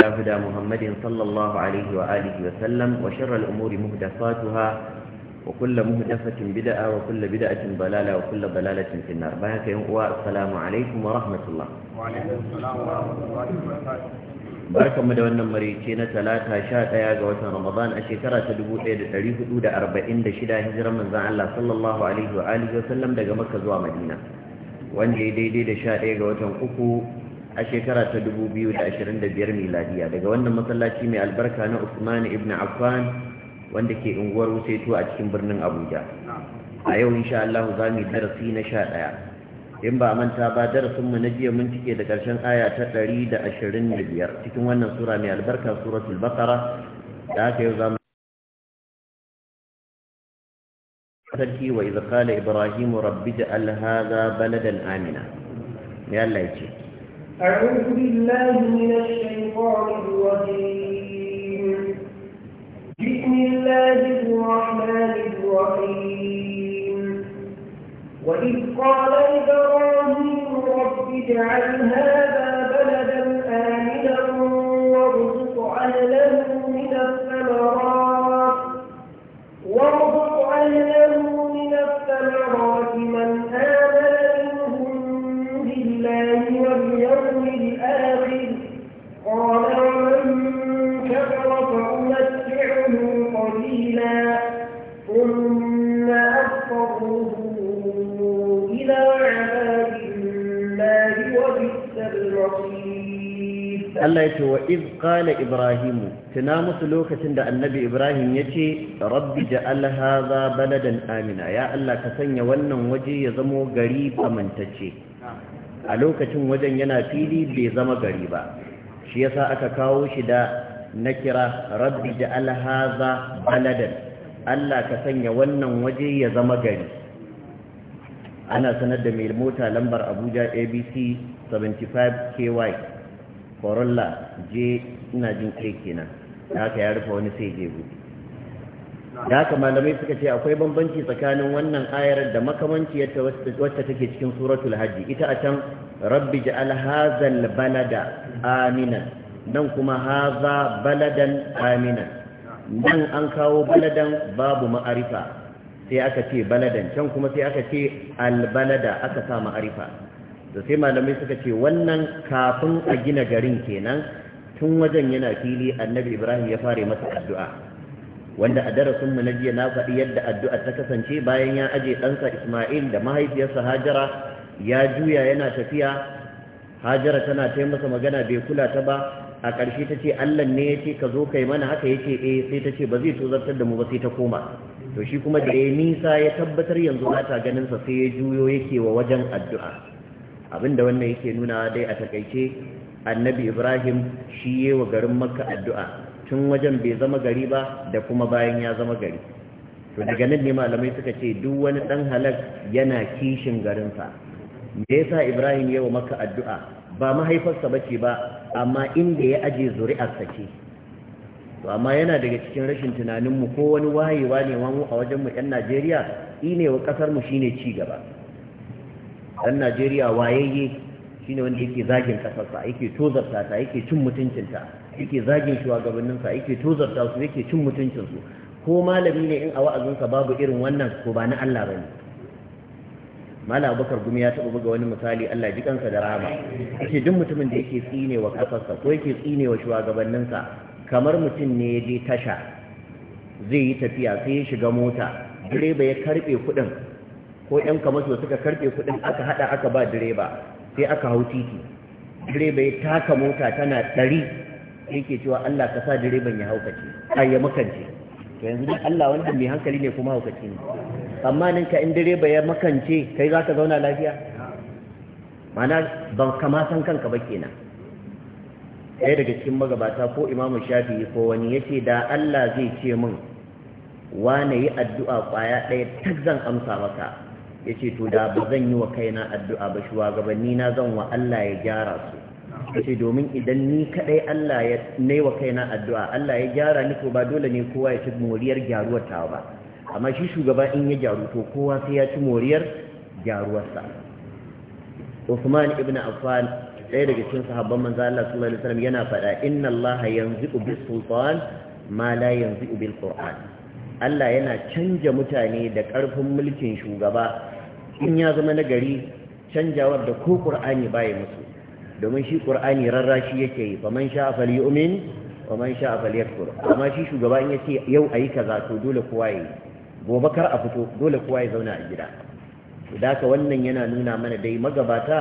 هدى محمد صلى الله عليه وآله وسلم وشر الأمور مهدفاتها وكل مهدفة بدعة وكل بدعة ضلالة وكل ضلالة في النار بارك السلام عليكم ورحمة الله وعليكم السلام ورحمة الله وبركاته بارك مدى وانا مريكينا ثلاثة شاء يا جوات رمضان أشكرا تدبو إيد تريه دودة أربعين دشدا هجرة من زعل الله صلى الله عليه وآله وسلم دقى مكة زوا مدينة وانجي ديدي دشاء يا جوات أكو a shekara ta 2025 miladiya daga wannan masallaci mai albarka na Usman ibn Affan wanda ke unguwar Wuseto a cikin birnin Abuja a yau insha Allah za mu darasi na 11 in ba manta ba darasin mu na jiya mun cike da karshen aya ta 125 cikin wannan sura mai albarka suratul baqara da aka yau za mu sarki wa idh qala ibrahim rabbi ja'al hadha baladan amina ya Allah ya ce أعوذ بالله من الشيطان الرجيم بسم الله الرحمن الرحيم وإذ قال إبراهيم رب اجعل هذا بلدا آمنا وارزق أهله من الثمرات وارزق أهله من الثمرات من Allah ya ce wa iz qala ibrahim tuna musu lokacin da annabi ibrahim yace rabbi ja'al hadha baladan amina ya Allah ka sanya wannan waje ya zama gari kamantacce a lokacin wajen yana fili bai zama gari ba shi yasa aka kawo shi da nakira rabbi ja'al hadha baladan Allah ka sanya wannan waje ya zama gari ana sanar da mai mota lambar abuja abc 75 ky corolla j ina jin kai kenan da haka ya rufe wani sai je buɗe da haka malamai suka ce akwai bambanci tsakanin wannan ayar da yadda wacce take cikin suratul hajji ita a can rabbi ja'al hazal balada aminan nan kuma haza baladan aminan nan an kawo baladan babu ma'arifa sai aka ce baladan can kuma sai aka ce albalada aka sa ma'arifa da sai malamai suka ce wannan kafin a gina garin kenan tun wajen yana fili annabi ibrahim ya fara masa addu'a wanda a darasin mu na jiya na faɗi yadda addu'a ta kasance bayan ya aje ɗansa isma'il da mahaifiyarsa hajara ya juya yana tafiya hajara tana ta masa magana bai kula ta ba a ƙarshe ta ce allah ne ya ce ka zo kai mana haka ya ce eh sai ta ce ba zai tozartar da mu ba sai ta koma to shi kuma da ya nisa ya tabbatar yanzu ba ta ganin sa sai ya juyo yake wa wajen addu'a Abin da wannan yake nuna dai a takaice annabi ibrahim shi yi wa garin makka addu'a tun wajen bai zama gari ba da kuma bayan ya zama gari to daga nan ne malamai suka ce duk wani dan halak yana kishin garinsa me yasa ibrahim yi wa makka addu'a ba mahaifarsa ba ce ba amma inda ya aje zuri'arsa ce to amma yana daga cikin rashin tunaninmu ko wani wayewa ne wani a wajenmu 'yan najeriya ine wa ƙasarmu shine ci gaba dan Najeriya wayayye shine wanda yake zagin kasarsa yake tozarta ta yake cin mutuncinta yake zagin shugabanninsa yake tozarta su yake cin mutuncinsu ko malami ne in a wa'azinsa babu irin wannan ko ba na Allah bane mala abubakar gumi ya taɓa buga wani misali allah ji kansa da rahama yake duk mutumin da yake tsine wa kasarsa ko yake tsine wa shugabanninsa kamar mutum ne ya je tasha zai yi tafiya sai ya shiga mota direba ya karɓe kuɗin ko yan kamasho suka karɓe kuɗin aka haɗa aka ba direba sai aka hau titi direba ya taka mota tana ɗari yake cewa Allah ka sa direban ya haukace ai ya makance to yanzu duk Allah wanda mai hankali ne kuma haukace ne amma ninka in direba ya makance kai za ka zauna lafiya mana ban kama san kanka ba kenan ɗaya daga cikin magabata ko imamu shafi ko wani ya ce da Allah zai ce min wane yi addu'a ƙwaya ɗaya tak zan amsa maka yace to da ba zan yi wa kaina addu'a ba shugabanni na zan wa Allah ya gyara su ya domin idan ni kaɗai Allah ya nai wa kaina addu'a Allah ya gyara ni ko ba dole ne kowa ya ci moriyar gyaruwar ta ba amma shi shugaba in ya gyaru to kowa sai ya ci moriyar gyaruwarsa Usman ibn Affan ɗaya daga cikin sahabban manzo Allah sallallahu alaihi wasallam yana faɗa inna Allah yanzu bi sultan ma la yanzu bil qur'an Allah yana canja mutane da ƙarfin mulkin shugaba in ya zama na gari canjawar da ko qur'ani baya musu domin shi qur'ani rarrashi yake yi faman sha falyu'min faman sha falyakfur amma shi shugaba in yace yau ayi kaza to dole kowa yi gobe kar a fito dole kowa ya zauna a gida haka wannan yana nuna mana dai magabata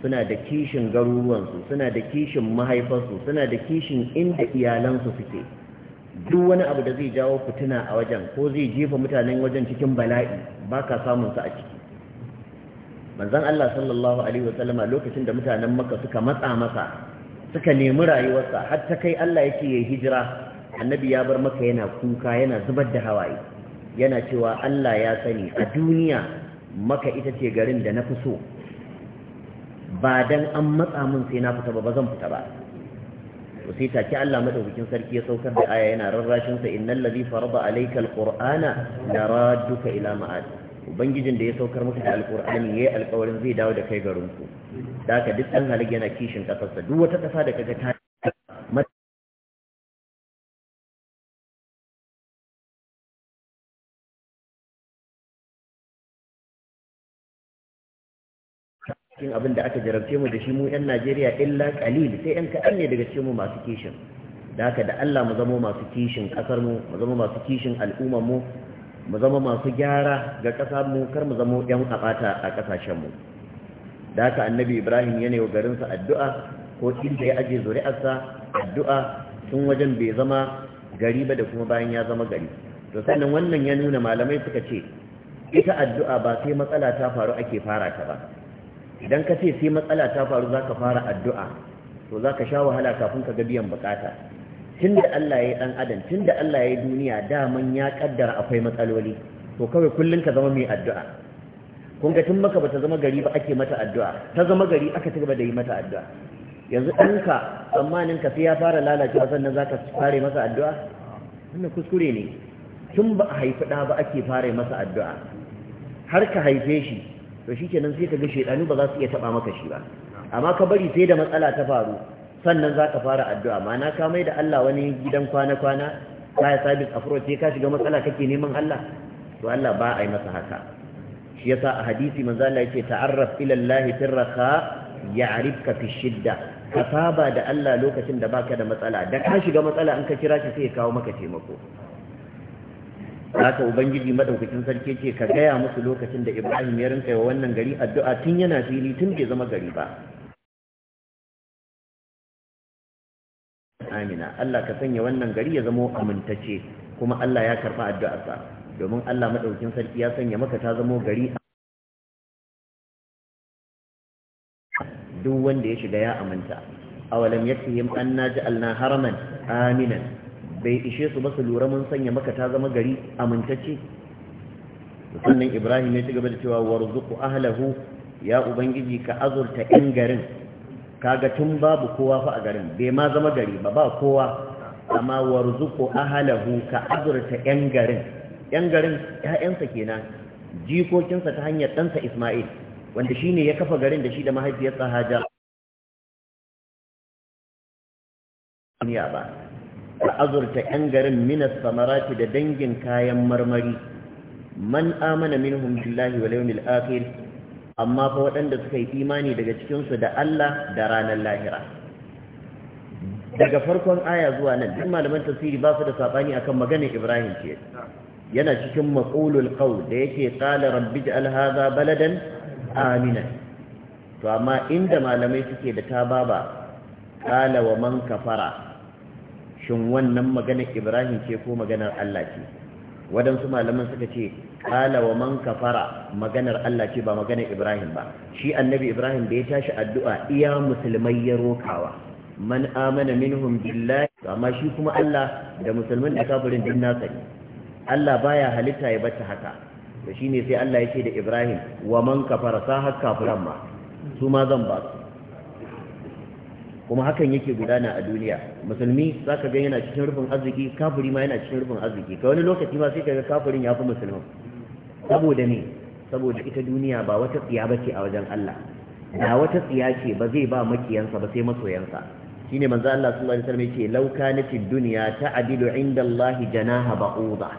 suna da kishin garuruwansu suna da kishin mahaifarsu suna da kishin inda iyalansu suke duk wani abu da zai jawo fituna a wajen ko zai jefa mutanen wajen cikin bala'i ba ka samun su a ciki manzon Allah sallallahu alaihi wasallama lokacin da mutanen Makka suka matsa masa suka nemi rayuwarsa har ta kai Allah yake yi hijira annabi ya bar maka yana kuka yana zubar da hawaye yana cewa Allah ya sani a duniya maka ita ce garin da na fi so ba dan an matsa min sai na fita ba ba zan fita ba to sai take Allah madaukakin sarki ya saukar da aya yana rarrashin sa innal ladhi farada alayka alqur'ana laradduka ila ma'ad ubangijin da ya saukar muku da alkur'ani yayi alƙawarin zai dawo da kai garin ku da duk dan halige yana kishin kafarsa duk wata kasa da kaga ta kin abin da aka jarabce mu da shi mu 'yan Najeriya illa qalil sai 'yan ka ne daga cikin mu masu kishin da haka da Allah mu zama masu kishin kasar mu mu zama masu kishin al'ummar mu mu zama masu gyara ga ƙasar mu kar mu zama yan abata a ƙasashen mu da haka annabi ibrahim ya ne wa garinsa addu'a ko inda ya aje zuri'arsa addu'a tun wajen bai zama gari ba da kuma bayan ya zama gari to sannan wannan ya nuna malamai suka ce ita addu'a ba sai matsala ta faru ake fara ta ba idan ka ce sai matsala ta faru za ka fara addu'a to za ka sha wahala kafin ka ga biyan bukata tun da Allah ya yi ɗan adam tun da Allah ya yi duniya daman ya ƙaddara akwai matsaloli to kawai kullum ka zama mai addu'a kun ga tun maka ba ta zama gari ba ake mata addu'a ta zama gari aka ci gaba da yi mata addu'a yanzu ɗanka tsammanin ka sai ya fara lalacewa sannan za ka fare masa addu'a wannan kuskure ne tun ba a haifi ɗa ba ake fara masa addu'a har ka haife shi to shi kenan sai ka ga shaidanu ba za su iya taɓa maka shi ba amma ka bari sai da matsala ta faru sannan za ka fara addu'a mana ka mai da Allah wani gidan kwana-kwana ka yi sabis a furo ka shiga matsala kake neman Allah to Allah ba a yi masa haka shi yasa a hadisi manzo Allah yake ta'arraf ila Allah firraha ya'rifka fi shidda ka saba da Allah lokacin da baka da matsala da ka shiga matsala an ka kira shi sai ya kawo maka taimako haka ubangiji madaukakin sarki ce ka gaya musu lokacin da Ibrahim ya rinka wa wannan gari addu'a tun yana fili tun bai zama gari ba amina Allah ka sanya wannan gari ya zama amintacce kuma Allah ya karɓi addu'arsa domin Allah madaukin sarki ya sanya maka ta zama gari duk wanda ya shiga ya aminta awalam yakfihim anna ja'alna haraman Amina bai ishe su ba su lura mun sanya maka ta zama gari amintacce sannan Ibrahim ya ci gaba da cewa warzuqu ahlahu ya ubangiji ka azurta 'yan garin kaga tun babu kowa fa a garin bai ma zama gari ba ba kowa amma warzuqu ahlahu ka azurta yan garin yan garin ƴaƴansa kenan jikokinsa ta hanyar ɗansa Isma'il wanda shine ya kafa garin da shi da mahaifiyarsa haja duniya ba ka azurta yan garin minas samarati da dangin kayan marmari man amana minhum billahi wal yawmil akhir amma fa waɗanda suka yi imani daga cikinsu da Allah da ranar lahira daga farkon aya zuwa nan duk malaman tafsiri ba su da sabani akan maganar Ibrahim ce yana cikin maqulul qawl da yake qala rabbi da hadha baladan amina to amma inda malamai suke da ta tababa qala wa man kafara shin wannan maganar Ibrahim ce ko maganar Allah ce waɗansu malaman suka ce kala wa man kafara maganar Allah ce ba maganar Ibrahim ba shi annabi Ibrahim da ya tashi addu'a iya musulmai ya rokawa man amana minhum billahi amma shi kuma Allah da musulmin da kafirin din nasa ne Allah baya halitta ya bata haka to shine sai Allah ya ce da Ibrahim wa man kafara sa har kafiran ma su ma zan ba su kuma hakan yake gudana a duniya musulmi za ka ga yana cikin rufin arziki kafiri ma yana cikin rufin arziki ka wani lokaci ma sai ka ga kafirin ya fi musulmin saboda ne saboda ita duniya ba wata tsiya ba ce a wajen Allah da wata tsiya ce ba zai ba makiyansa ba sai masoyansa shine manzo Allah sallallahu alaihi wasallam yake lauka na ad duniya ta'dilu 'inda Allah janaha ba'udha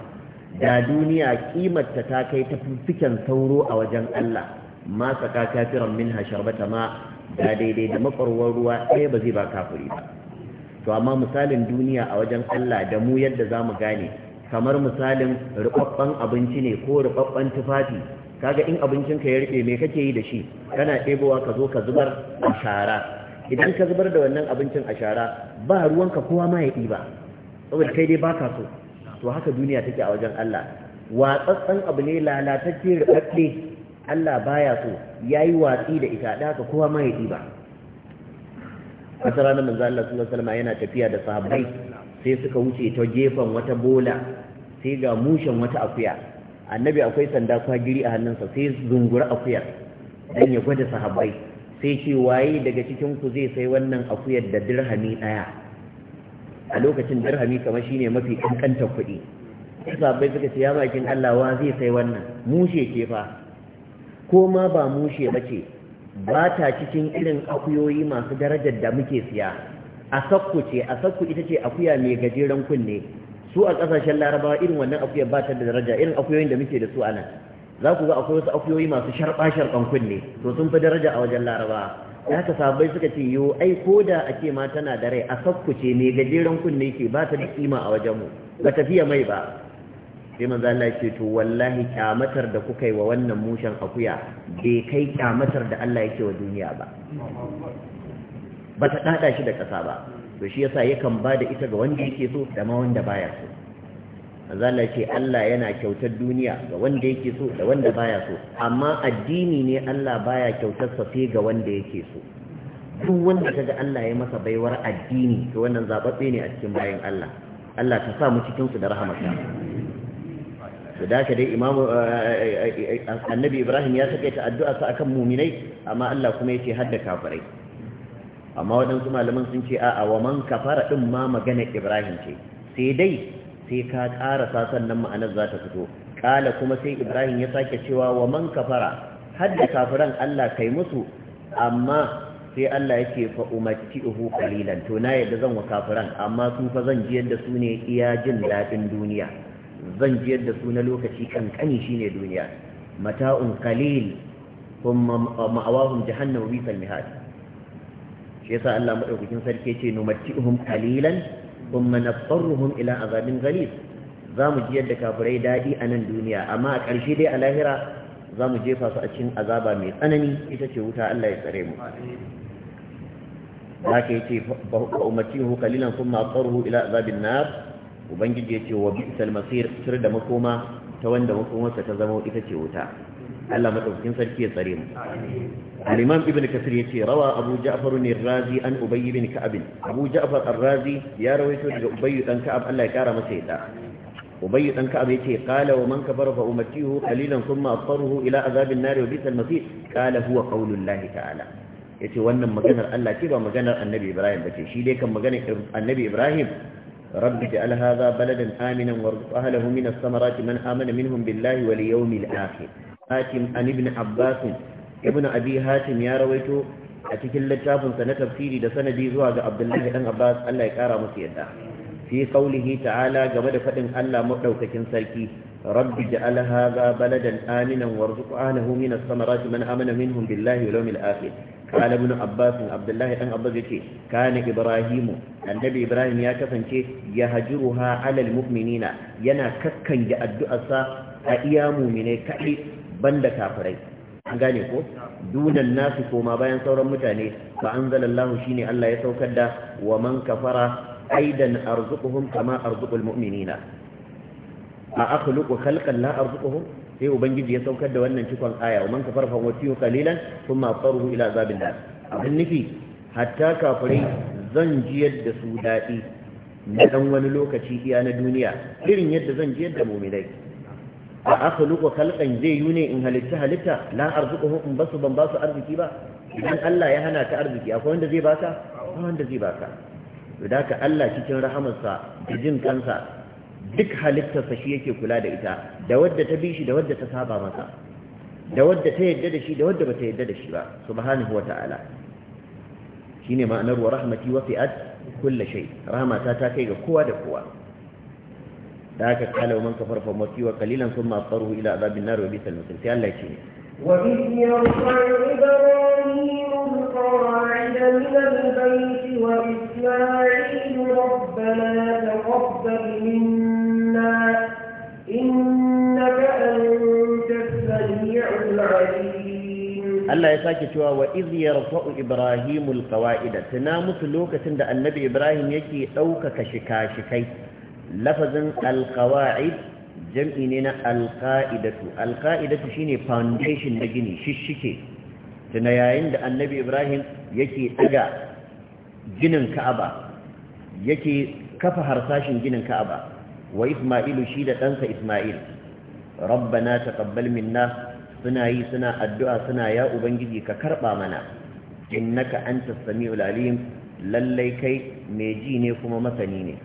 da duniya kimarta ta kai ta fifiken sauro a wajen Allah ma saka kafiran minha sharbata ma da daidai da makwarwar ruwa ɗaya ba zai ba kafiri ba to amma misalin duniya a wajen Allah da mu yadda za mu gane kamar misalin rubabban abinci ne ko rubabban tufafi kaga in abincin ka ya rike me kake yi da shi kana ɗebowa ka zo ka zubar a shara idan ka zubar da wannan abincin a shara ba ruwanka kowa ma ya ɗiba saboda kai dai baka so to haka duniya take a wajen Allah watsatsan abu ne lalatacce rubabbe Allah baya so yayi watsi da ita da haka kowa ma ya diba wata ranar manzo Allah sallallahu alaihi yana tafiya da sahabbai sai suka wuce ta gefen wata bola sai ga mushen wata akuya annabi akwai sanda kwagiri a hannunsa sai zungura akuyar dan ya gwada sahabbai sai ce waye daga cikin ku zai sai wannan akuyar da dirhami daya a lokacin dirhami kamar shine mafi kankanta kuɗi sahabbai suka ce ya bakin Allah wa zai sai wannan mushe ke fa ko ma ba mushe ba ce ba ta cikin irin akuyoyi masu darajar da muke siya a sakku ce a sakku ita ce akuya mai gajeren kunne su a ƙasashen larabawa irin wannan akuya ba ta da daraja irin akuyoyin da muke da su a za ku ga akwai wasu akuyoyi masu sharɓa sharɓan kunne to sun fi daraja a wajen laraba ya ka sabai suka ce yo ai ko da a ce ma tana da rai a sakku ce mai gajeren kunne ke ba ta da kima a wajenmu ba tafiya mai ba sai manzo Allah ya ce to wallahi kyamatar da kuka yi wa wannan mushen akuya bai kai kyamatar da Allah yake wa duniya ba ba ta dada shi da ƙasa ba to shi yasa yakan ba da ita ga wanda yake so da ma wanda baya so manzo Allah ya ce Allah yana kyautar duniya ga wanda yake so da wanda baya so amma addini ne Allah baya kyautar sa sai ga wanda yake so duk wanda kaga Allah ya masa baiwar addini to wannan zababbe ne a cikin bayan Allah Allah ta sa mu cikin su da rahamarsa to da ka dai imamu eh, eh, eh, annabi ibrahim ya take ta addu'a sa akan muminai amma Allah kuma yake hadda kafirai amma waɗansu malaman sun ce a'a wa man kafara din ma magana ibrahim ce sai dai sai ka ƙara sasan nan ma'anar za ta fito kala kuma sai ibrahim ya sake cewa wa man kafara hadda kafiran Allah kai musu amma sai Allah yake fa umatihu qalilan to na yadda zan wa kafiran amma su fa zan ji yadda su ne iya jin daɗin duniya zan jiyar da su na lokaci kankani shine duniya mata'un qalil kuma ma'awahum jahannam wa bisal mihad shi yasa Allah madaukakin sarki yace numatti'uhum qalilan thumma naftaruhum ila azabin Za zamu jiyar da kafirai dadi a nan duniya amma a ƙarshe dai a lahira mu jefa su a cikin azaba mai tsanani ita ce wuta Allah ya tsare mu haka yace umarci huKalilan sun thumma aqtaruhu ila azabin nar ubangiji ya ce wa bi'sal masir sir da makoma ta wanda makomarsa ta zama ita ce wuta Allah madaukakin sarki ya tsare mu al-imam ibn kasir ce, rawa abu ja'far ar-razi an ubay ibn ka'ab abu ja'far ar-razi ya rawaito daga ubay dan ka'ab Allah ya kara masa yada ubay dan ka'ab yace qala wa man kafara fa ummatihi qalilan thumma asfaruhu ila azab an-nar wa bi'sal masir qala huwa qawlu Allah ta'ala yace wannan maganar Allah ce ba maganar annabi Ibrahim bace shi dai kan maganar annabi Ibrahim رب اجعل هذا بلدا آمنا وارزق أهله من الثمرات من آمن منهم بالله واليوم الآخر هاتم عن ابن عباس ابن أبي هاتم يا رويت أتكل لتاب سنة تفسيري دسنة دي زواج عبد الله بن عباس الله يكارى مسيدا في قوله تعالى قبل فتن الله مؤلوكة سلكي رب اجعل هذا بلدا آمنا وارزق أهله من الثمرات من آمن منهم بالله واليوم الآخر قال ابن عباس عبد الله بن عباس يقول كان إبراهيم النبي إبراهيم يا كفنشي يهجرها على المؤمنين ينا ككن الدعاء أيا مؤمنين كأي بند كافرين an gane ko dunan nasu koma bayan sauran mutane fa shi shine Allah ya saukar da wa man kafara aidan arzuquhum kama arzuqul mu'minina a akhluqu khalqan la arzuquhum sai ubangiji ya saukar da wannan cikon aya wa man kafar fa wasiyu qalilan thumma sarhu ila azabin nar abin nufi hatta kafirai zan jiyar da su daɗi na dan wani lokaci iya na duniya irin yadda zan jiyar da mu'minai a akhluqu khalqan zai yune in halitta halitta la arzuquhu in basu ban basu arziki ba idan Allah ya hana ta arziki akwai wanda zai baka akwai wanda zai baka to da ka Allah cikin rahamarsa da jin kansa duk halittarsa shi yake kula da ita da wadda ta bi shi da wadda ta saba masa da wadda ta yadda da shi da wadda ba ta yadda da shi ba subhanahu wa ta'ala shine ma'anar wa rahmati wa fi'at kulli shay rahmata ta kai ga kowa da kowa da haka kala man kafar fa wa kalilan sun thumma aqtaruhu ila adhabin nar wa bisal masir sai Allah ya ce Allah ya sake cewa wa iz yarfa'u Ibrahimu alqawa'ida tana musu lokacin da Annabi Ibrahim yake dauka kashi kashi kai lafazin alqawa'id jam'i ne na alƙa'idatu alƙa'idatu shine foundation na gini shishike tuna yayin da annabi ibrahim yake daga ginin ka'aba yake kafa harsashin ginin ka'aba wa isma'ilu shi da ɗansa isma'il rabbana taqabbal minna suna yi suna addu'a suna ya ubangiji ka karɓa mana innaka anta sami'ul alim lallai kai mai ji ne kuma masani ne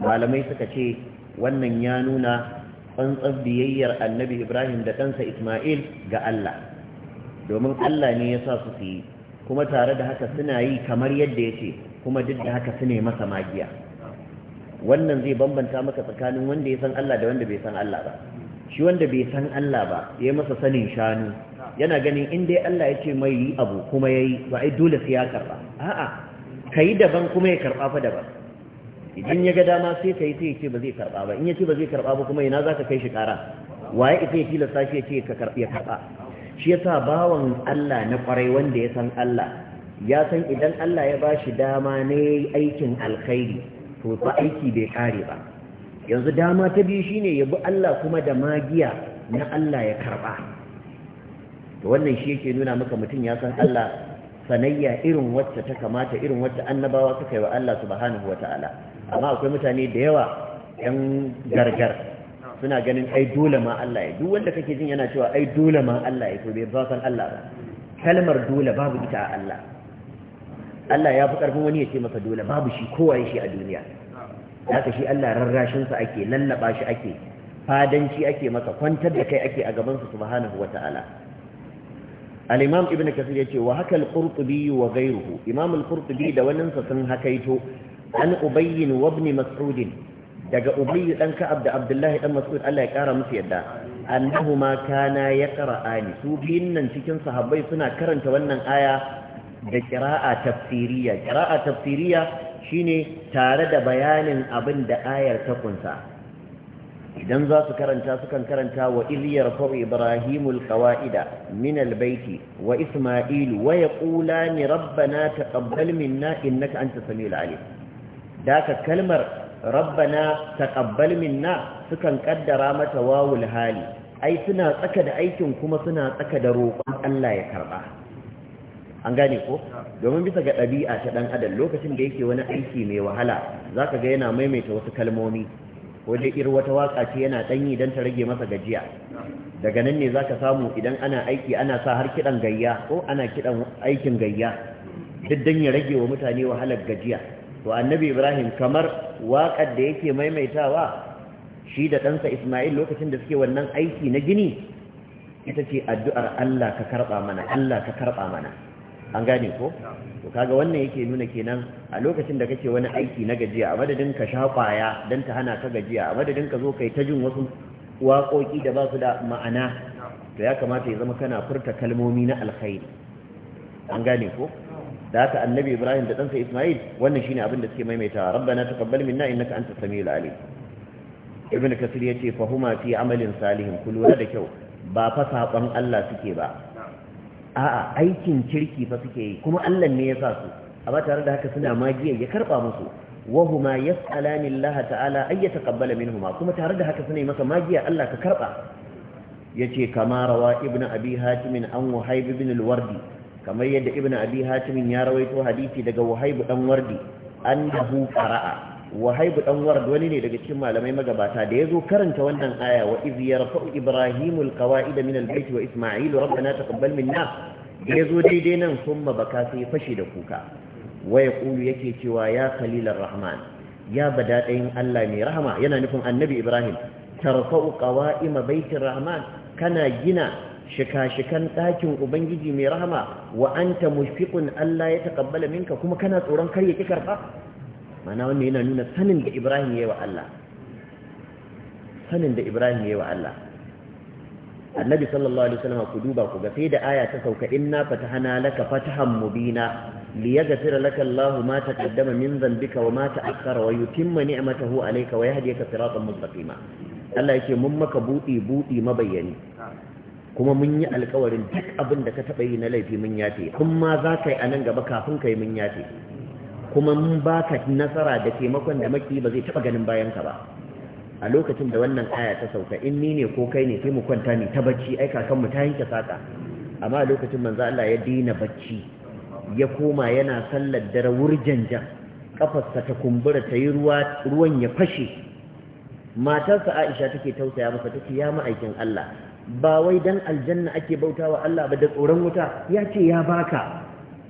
malamai suka ce wannan ya nuna tsantsar biyayyar annabi ibrahim da ɗansa isma'il ga allah domin allah ne ya sa su yi kuma tare da haka suna yi kamar yadda ya ce kuma duk da haka su ne masa magiya wannan zai bambanta maka tsakanin wanda ya san allah da wanda bai san allah ba shi wanda bai san allah ba ya masa sanin shanu yana ganin in dai allah ya ce mai yi abu kuma ya yi ba ai dole sai ya karɓa a'a ka yi daban kuma ya karɓa fa daban idan ya ga dama sai ka yi sai ya ce ba zai karɓa ba in ya ce ba zai karɓa ba kuma ina za ka kai shi ƙara waye ita ya tilasta shi ya ce ya karɓa shi yasa bawan Allah na ƙwarai wanda ya san Allah ya san idan Allah ya ba shi dama ne aikin alkhairi to fa aiki bai kare ba yanzu dama ta biyu shine ya bi Allah kuma da magiya na Allah ya karɓa to wannan shi yake nuna maka mutum ya san Allah sanayya irin wacce ta kamata irin wacce annabawa suka yi wa Allah subhanahu wataala amma akwai mutane da yawa yan gargar suna ganin ai dole ma Allah ya duk wanda kake jin yana cewa ai dole ma Allah ya to bai ba san Allah ba kalmar dole babu ita a Allah Allah ya fi karfin wani ya ce masa dole babu shi kowa ya shi a duniya haka shi Allah rarrashin sa ake lallaba shi ake fadanci ake masa kwantar da kai ake a gaban sa subhanahu ta'ala al-imam ibn kasir ce wa haka al-qurtubi wa ghayruhu imam al-qurtubi da wannan sa sun hakaito an ubayyin Wabni Mas'udin daga ubayy dan ka'ab da abdullahi dan mas'ud Allah ya kara musu yadda annahuma kana yaqra'ani su biyun nan cikin sahabbai suna karanta wannan aya da qira'a tafsiriya qira'a tafsiriya shine tare da bayanin abin da ayar ta kunsa idan za su karanta sukan karanta wa iliyar fau ibrahimul qawa'ida min albayti wa isma'ilu wa yaqulani rabbana taqabbal minna innaka antas samiul alim da ka kalmar rabbana taqabbal minna sukan kaddara mata wawul hali ai suna tsaka da aikin kuma suna tsaka da roƙon Allah ya karba an gane ko domin bisa ga ɗabi'a ta ɗan adam lokacin da yake wani aiki mai wahala zaka ga yana maimaita wasu kalmomi ko dai ir wata waka ce yana danyi dan ta rage masa gajiya daga nan ne zaka samu idan ana aiki ana sa har kidan gayya ko ana kidan aikin gayya duk dan ya rage wa mutane wahalar gajiya to annabi ibrahim kamar waƙar da yake maimaitawa shi da ɗansa isma'il lokacin da suke wannan aiki na gini ita ce addu'ar allah ka karɓa mana allah ka karɓa mana an gane ko? to kaga wannan yake nuna kenan a lokacin da kake wani aiki na gajiya a madadin ka sha kwaya don ta hana ka gajiya a madadin ka zo kai ta jin wasu waƙoƙi da ba su da ma'ana to ya kamata ya zama kana furta kalmomi na alkhairi an gane ko? da haka annabi ibrahim da ɗansa isma'il wannan shine abin da suke maimaita rabbana taqabbal minna innaka antas samiul alim ibn kasir yace fa huma fi amalin salihin ku lura da kyau ba fa saban Allah suke ba a'a aikin kirki fa suke yi kuma Allah ne ya sa su ba tare da haka suna magiya ya karba musu wa huma yas'alani Allah ta'ala ay yataqabbala minhuma kuma tare da haka suna yi masa magiya Allah ka karba yace kama rawa ibn abi hatim an wahayb ibn al-wardi kamar yadda ibn abi hatimin ya rawaito hadisi daga wahaibu dan wardi annahu qara'a wahaibu dan ward wani ne daga cikin malamai magabata da yazo karanta wannan aya wa iz yarfa'u ibrahimul qawa'id min albayt wa isma'il rabbana taqabbal minna yazo daidai nan kuma baka sai fashi da kuka wa yaqulu yake cewa ya kalilan rahman ya bada dayin Allah mai rahama yana nufin annabi ibrahim tarfa'u qawa'ima baitir rahman kana gina shika-shikan ɗakin ubangiji mai rahama wa anta mushfiqun Allah ya taƙabbala minka kuma kana tsoron kar ya ki karba mana wannan yana nuna sanin da Ibrahim yi wa Allah sanin da Ibrahim yi wa Allah Annabi sallallahu alaihi wasallam ku duba ku ga sai da aya ta sauka inna fatahana laka fatahan mubina liyaghfira laka Allah ma taqaddama min dhanbika wa ma ta'akhkhara wa yutimma ni'matahu alayka wa yahdiyaka siratan mustaqima Allah yake mun maka buɗe-buɗe mabayani. kuma mun yi alkawarin duk abin da ka taɓa yi na laifi mun yafe in ma za ka yi a nan gaba kafin ka yi mun yafe kuma mun ba ka nasara da taimakon da maki ba zai taɓa ganin bayan ka ba a lokacin da wannan aya ta sauka in ni ne ko kai ne sai mu kwanta ne ta bacci ai mu ta yanke saka amma a lokacin manzo Allah ya dina bacci ya koma yana sallar da dare jan kafarsa ta kumbura ta yi ruwa ruwan ya fashe matarsa Aisha take tausaya masa take ya aikin Allah ba wai dan aljanna ake bautawa Allah ba da tsoron wuta ya ce ya baka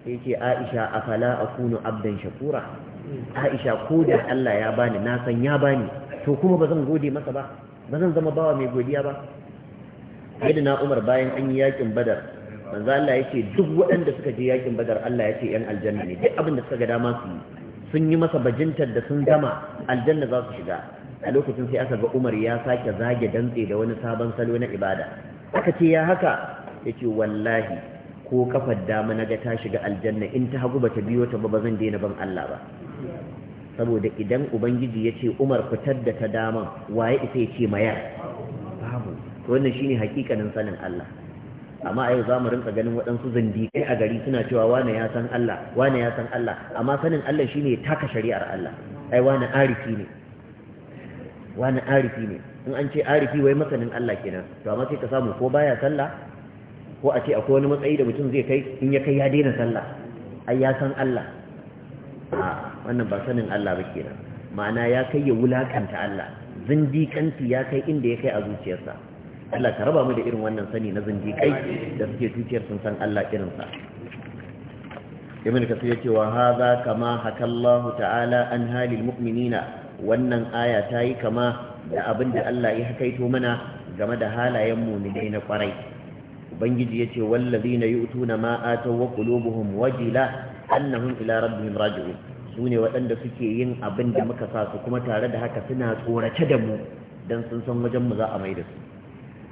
Ya ce Aisha a kunu abdan shakura Aisha ko da Allah ya bani na san ya bani to kuma ba zan gode masa ba ba zan zama bawa mai godiya ba na Umar bayan an yi yakin Badar manzo Allah ce duk waɗanda suka je yakin Badar Allah ya ce yan aljanna ne duk abin da suka ga dama su yi sun yi masa bajintar da sun gama aljanna za su shiga a lokacin sai aka ga Umar ya sake zage dantse da wani sabon salo na ibada aka ce ya haka yace wallahi ko kafar dama na ga ta shiga aljanna in ta hagu bata biyo ta ba bazan daina ban Allah ba saboda idan ubangiji yace Umar fitar da ta dama waye ita yace mayar babu to wannan shine hakikanin sanin Allah amma a yau za mu rinka ganin waɗansu zindikai a gari suna cewa wane ya san Allah wane ya san Allah amma sanin Allah shine taka shari'ar Allah ai wane arifi ne wani arifi ne in an ce arifi wai masanin Allah kenan to amma sai ka samu ko baya sallah ko a ce akwai wani matsayi da mutum zai kai in ya kai ya daina sallah ai ya san Allah a wannan ba sanin Allah ba kenan ma'ana ya kai ya wulakanta Allah zindiƙanci ya kai inda ya kai a zuciyarsa Allah ka raba mu da irin wannan sani na zindiƙai da suke zuciyar sun san Allah irinsa ibn kasir yace wa hadha kama hakallahu ta'ala an halil mu'minina wannan aya ta yi kama da abin da Allah ya hakaito mana game da halayen muminai na kwarai ubangiji ya ce na yu'tuna ma ataw wa qulubuhum wajila annahum ila rabbihim raji'un su ne waɗanda suke yin abin da muka sa su kuma tare da haka suna tsorace da mu dan sun san wajen mu za a mai da su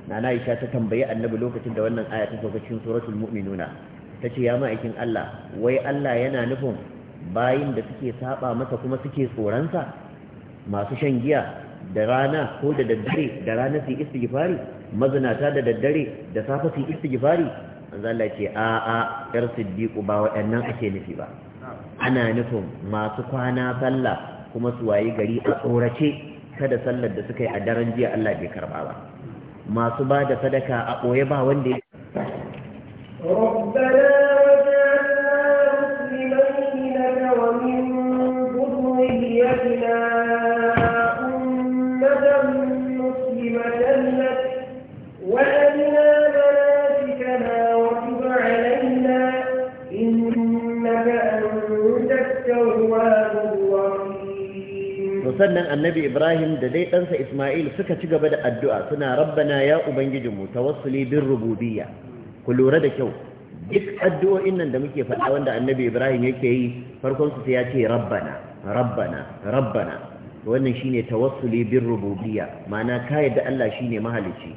nana Aisha ta tambayi Annabi lokacin da wannan aya ta sauka cikin suratul mu'minuna tace ya ma'aikin Allah wai Allah yana nufin bayin da suke saba masa kuma suke tsoransa masu shan giya da rana ko da daddare da rana su istighfari mazinata da daddare da safe su istighfari manzo Allah ce a a yar siddiqu ba waɗannan ake nufi ba ana nufin masu kwana sallah kuma su wayi gari a tsorace kada sallar da suka yi a daren jiya Allah bai karba ba masu ba da sadaka a ɓoye ba wanda ya sannan annabi ibrahim da dai ɗansa isma'il suka ci gaba da addu'a suna rabbana ya ubangijinmu wasu bin rububiya. ku lura da kyau duk addu'o'in nan da muke faɗa wanda annabi ibrahim yake yi farkon su ya ce rabbana rabbana rabbana wannan shine wasu bin rububiya, ma'ana ka yadda Allah shine mahalicci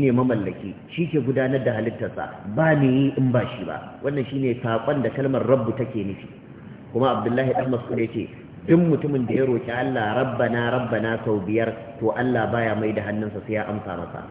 ne mamallaki shi ke gudanar da halittarsa ba ni yi in ba shi ba wannan shine saƙon da kalmar rabbu take nufi kuma abdullahi dan ne yace duk mutumin da ya roki Allah rabbana rabbana sau biyar to Allah baya mai da hannunsa sai ya amsa masa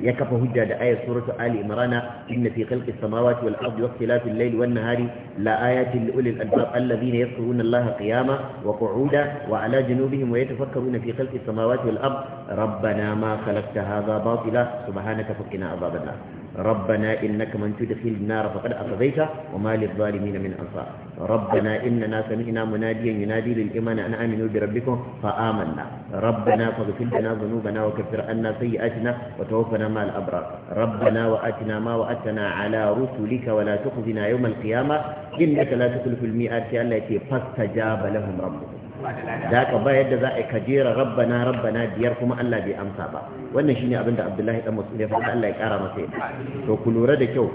ya kafa hujja da ayat suratu ali imran inna fi khalqi samawati wal ardi waqtilafi al-layli wan nahari la ayatin li ulil albab alladhina yadhkuruna Allah qiyama wa qu'uda wa ala junubihim wa yatafakkaruna fi khalqi samawati wal ardi rabbana ma khalaqta hadha batila subhanaka faqina adhaban nar ربنا إنك من تدخل النار فقد أخذيته وما للظالمين من أنصار ربنا إننا سمعنا مناديا ينادي للإيمان أن آمنوا بربكم فآمنا ربنا فاغفر لنا ذنوبنا وكفر عنا سيئاتنا وتوفنا مع الأبرار ربنا وآتنا ما وعدتنا على رسلك ولا تخزنا يوم القيامة إنك لا تخلف الميعاد التي فاستجاب لهم ربك da haka ba yadda za a yi kajera rabbana rabbana biyar kuma Allah bai amsa ba wannan shine abinda Abdullahi dan Mas'ud ya faɗa Allah ya kara masa yadda to ku lura da kyau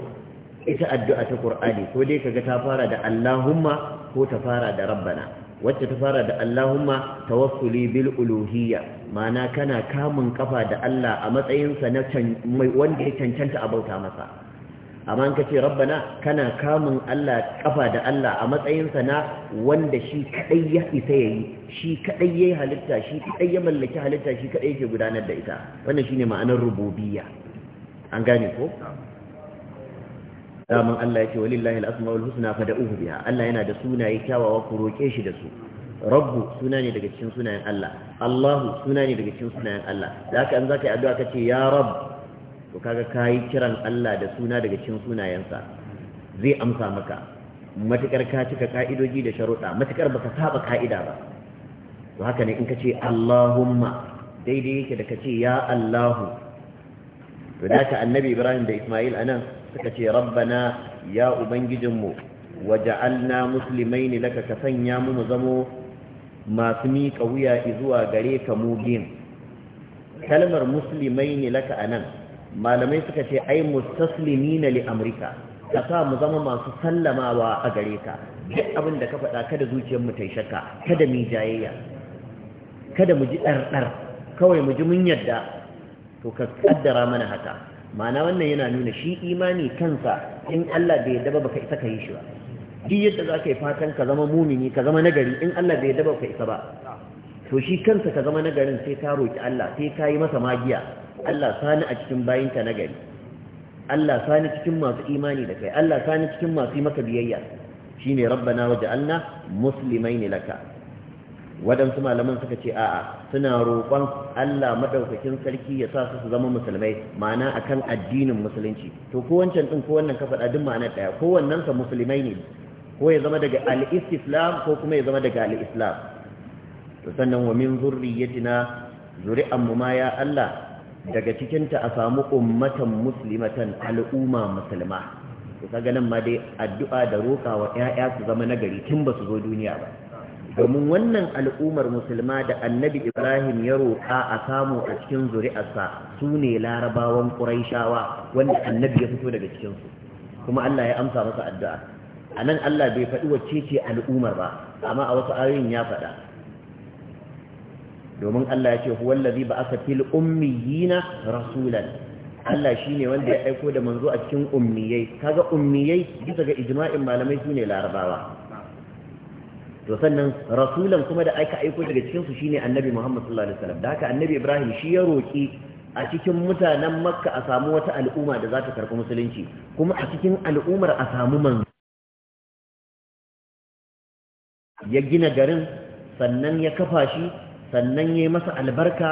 ita addu'a ta Qur'ani ko dai kaga ta fara da Allahumma ko ta fara da rabbana wacce ta fara da Allahumma tawassuli bil uluhiyya ma'ana kana kamun kafa da Allah a matsayinsa na wanda ya cancanta a bauta masa amma in kace rabbana kana kamun Allah kafa da Allah a matsayinsa na wanda shi kadai ya isa ya yi, shi kadai ya yi halitta shi kadai ya mallaki halitta shi kadai yake gudanar da ita wannan shine ma'anar rububiyya an gane ko daman Allah ya ce, yake walillahi al-asmaul husna fad'uhu biya. Allah yana da sunaye kyawawa ku roke shi da su rabbu suna ne daga cikin sunayen Allah Allahu suna ne daga cikin sunayen Allah da haka an ka yi addu'a ka ce, ya Rabbu. to kaga kayi kiran Allah da suna daga cikin sunayensa zai amsa maka matukar ka cika ka'idoji da sharuɗa matukar baka saba ka'ida ba to haka ne in ka ce Allahumma daidai yake da ka ce ya Allahu to da ka annabi Ibrahim da Ismail anan suka ce rabbana ya ubangijinmu waja'alna muslimaini laka ka sanya mu mu zamo masu miƙa wuya zuwa gare ka mu kalmar musulmai ne laka a nan malamai suka ce ai mustaslimina li amrika ka sa mu zama masu sallamawa a gare ka duk abin da ka faɗa kada zuciyar mu ta shakka kada mu jayayya kada mu ji ɗarɗar kawai mu ji mun yadda to ka kaddara mana haka ma'ana wannan yana nuna shi imani kansa in Allah bai yadda ba baka isa ka yi shi ba shi yadda za ka yi fatan ka zama mumini ka zama nagari in Allah bai yadda ba baka isa ba to shi kansa ka zama nagarin sai ka roki Allah sai ka yi masa magiya Allah sani a cikin bayinka na gari Allah sani cikin masu imani da kai Allah sani cikin masu maka biyayya shine rabbana Musulmai ne laka waɗansu malaman suka ce a'a suna roƙon Allah maɗaukakin sarki ya sa su su zama musulmai ma'ana akan addinin musulunci to ko wancan din ko wannan ka faɗa duk ma'ana ɗaya ko wannan musulmai ne ko ya zama daga al-islam ko kuma ya zama daga al-islam to sannan wa min zurriyatina zuri'an mu ma ya Allah daga cikinta a samu ummatan muslimatan al'umma musulma to kaga nan ma dai addu'a da roƙa wa ƴaƴa su zama nagari tun ba su zo duniya ba domin wannan al'ummar musulma da annabi ibrahim ya roƙa a samu a cikin zuri'arsa su ne larabawan ƙuraishawa wanda annabi ya fito daga cikinsu kuma allah ya amsa masa addu'a a nan allah bai faɗi wacce ce al'ummar ba amma a wasu ayoyin ya faɗa domin Allah ya ce huwallazi ba'atha fil ummiyina rasulan Allah shine wanda ya aiko da manzo a cikin ummiyai kaga ummiyai bisa ga ijma'in malamai sune larabawa to sannan rasulan kuma da aka aiko daga cikin su shine annabi Muhammad sallallahu alaihi wasallam da haka annabi Ibrahim shi ya roki a cikin mutanen Makka a samu wata al'umma da za ta karɓi musulunci kuma a cikin al'ummar a samu manzo ya gina garin sannan ya kafa shi sannan ya masa albarka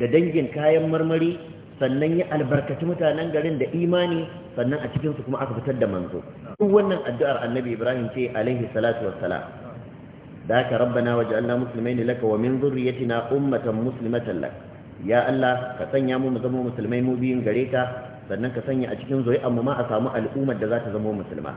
da dangin kayan marmari sannan ya albarkaci mutanen garin da imani sannan a cikinsu kuma aka fitar da manzo duk wannan addu'ar annabi ibrahim ce alaihi salatu wassalam da ka rabbana waj'alna muslimaini laka wa min dhurriyyatina ummatan muslimatan lak ya allah ka sanya mu mu zama musulmai mu biyun gare ka sannan ka sanya a cikin zuri'an mu ma a samu al'ummar da za ta zama musulma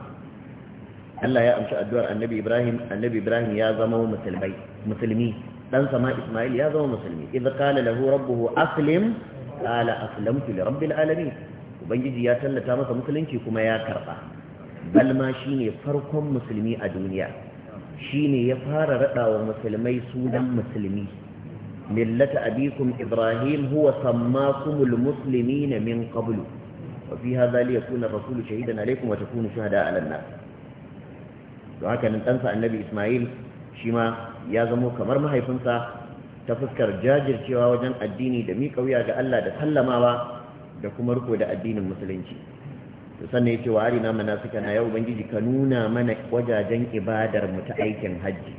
Allah ya amshi addu'ar annabi Ibrahim annabi Ibrahim ya zama musulmai musulmi dan sama Ismail ya zama musulmi idh qala lahu rabbuhu aslim qala aslamtu li rabbil alamin ubangiji ya tallata masa musulunci kuma ya karba balma shine farkon musulmi a duniya shine ya fara radawa musulmai sunan musulmi millata abikum ibrahim huwa sammakumul muslimina min qablu wa fi hadha liyakuna rasulu shahidan alaykum wa takunu shuhada ala an-nas to haka nan annabi Ismail shi ma ya zamo kamar mahaifinsa ta fuskar jajircewa wajen addini da miƙa wuya ga Allah da sallamawa da kuma riko da addinin musulunci to sannan yace wa arina suka na ya ubangiji ka nuna mana wajajen ibadar mu ta aikin hajji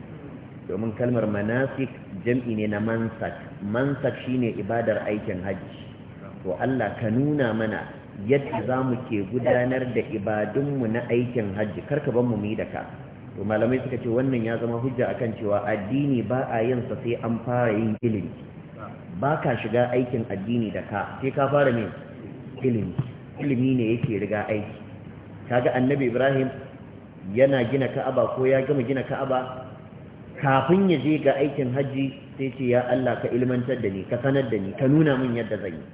domin kalmar manasik jam'i ne na mansak mansak shine ibadar aikin hajji to Allah ka nuna mana yadda za mu ke gudanar da ibadunmu na aikin hajji karka ban mu mi da ka to malamai suka ce wannan ya zama hujja akan cewa addini ba a yin sa sai an fara yin ilimi ba ka shiga aikin addini da ka sai ka fara ne ilimi ilimi ne yake riga aiki kaga annabi ibrahim yana gina ka'aba ko ya gama gina ka'aba kafin ya je ga aikin hajji sai ce ya Allah ka ilmantar da ni ka sanar da ni ka nuna min yadda zan yi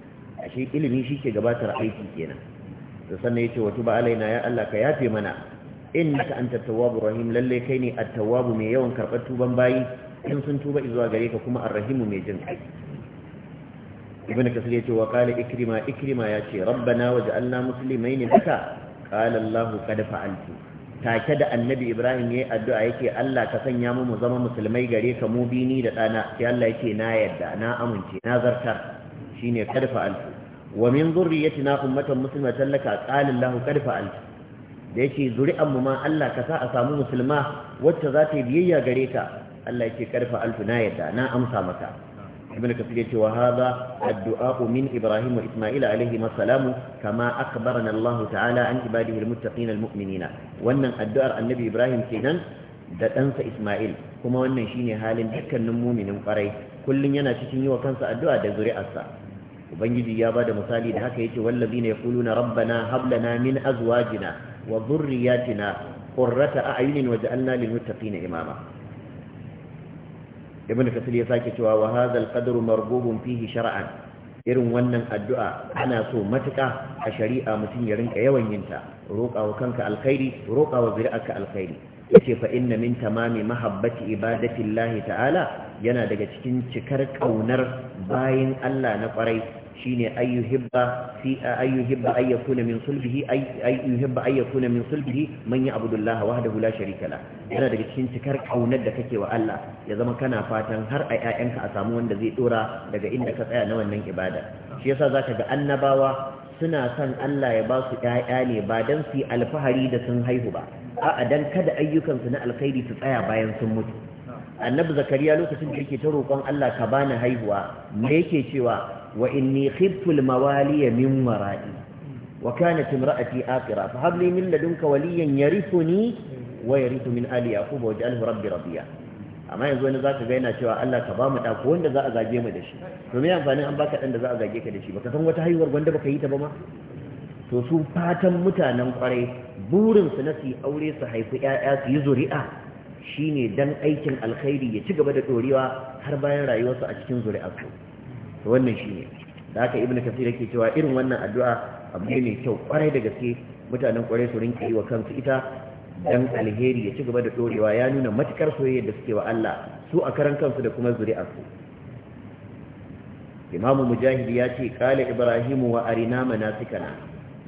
ashe ilimi shi ke gabatar aiki kenan sannan ya ce wato ba alaina ya Allah ka yafe mana innaka anta tawwabur rahim lalle kai ne at-tawwabu mai yawan karɓar tuban bayi in sun tuba zuwa gare ka kuma ar-rahimu mai jin kai ibn kasir yace wa qala ikrima ikrima yace rabbana waj'alna muslimaini laka qala allah qad fa'altu take da annabi ibrahim yayi addu'a yake allah ka sanya mu mu zama musulmai gare ka mu bini da dana sai allah yake na yadda na amince na zartar shine qad fa'altu wa min dhurriyyatina ummatan muslimatan laka qala allah qad fa'altu da yake zuri'ar mu ma Allah ka sa a samu musulma wacce za ta yi biyayya gare ta Allah yake karfa alfu na yadda na amsa maka ibn kasir yace wa hadha addu'a min ibrahim wa isma'il alayhi kama kama akbarana Allah ta'ala an ibadihi almuttaqin almu'minina wannan addu'ar annabi ibrahim kenan da ɗansa isma'il kuma wannan shine halin dukkanin muminin kwarai kullun yana cikin yi wa kansa addu'a da zuri'arsa ubangiji ya bada misali da haka yace wallazina yaquluna rabbana hab lana min azwajina wa zurriyatina qurrata a'yunin waj'alna lil muttaqina imama ibn kasir ya sake cewa wa hadha al-qadru marghubun fihi shar'an irin wannan addu'a ana so matuka a shari'a mutum ya rinka yawan yinta roƙa wa kanka alkhairi roƙa wa zuri'arka alkhairi yace fa inna min tamami mahabbati ibadati Allah ta'ala yana daga cikin cikar kaunar bayin Allah na ƙwarai shine ayyuhibba fi ayyuhibba ay yakuna min sulbihi ayyuhibba min sulbihi man wahdahu la sharika la yana daga cikin cikar kaunar da kake wa Allah ya zama kana fatan har a ƴaƴanka a samu wanda zai dora daga inda ka tsaya na wannan ibada shi yasa zaka ga annabawa suna son Allah ya ba su ƴaƴa ne ba dan su alfahari da sun haihu ba a'a dan kada ayyukansu na alkhairi su tsaya bayan sun mutu annabi zakariya lokacin da yake ta roƙon Allah ka bani haihuwa me yake cewa وإني خبت الموالي من ورائي وكانت امرأتي آقرة فهب لي من لدنك وليا يرثني ويرث من آل يعقوب واجعله ربي رضيا amma yanzu wani za ka ga yana cewa Allah ka ba mu ɗa wanda za a zage mu da shi to me amfanin an baka ɗan da za a zage ka da shi baka san wata haihuwar gwanda baka yi ta ba ma to su fatan mutanen kwarai burin su na su aure su haifi ƴaƴa su yi zuri'a shine dan aikin alkhairi ya ci gaba da dorewa har bayan rayuwarsu a cikin su. wannan ne da aka ibnu kasir yake cewa irin wannan addu'a abu ne mai kyau kwarai da gaske mutanen kwarai su rinke yi wa kansu ita dan alheri ya ci gaba da dorewa ya nuna matukar soyayya da suke wa Allah su a karan kansu da kuma zuri'a su. imamu mujahidi ya ce kala ibrahimu wa arina manasikana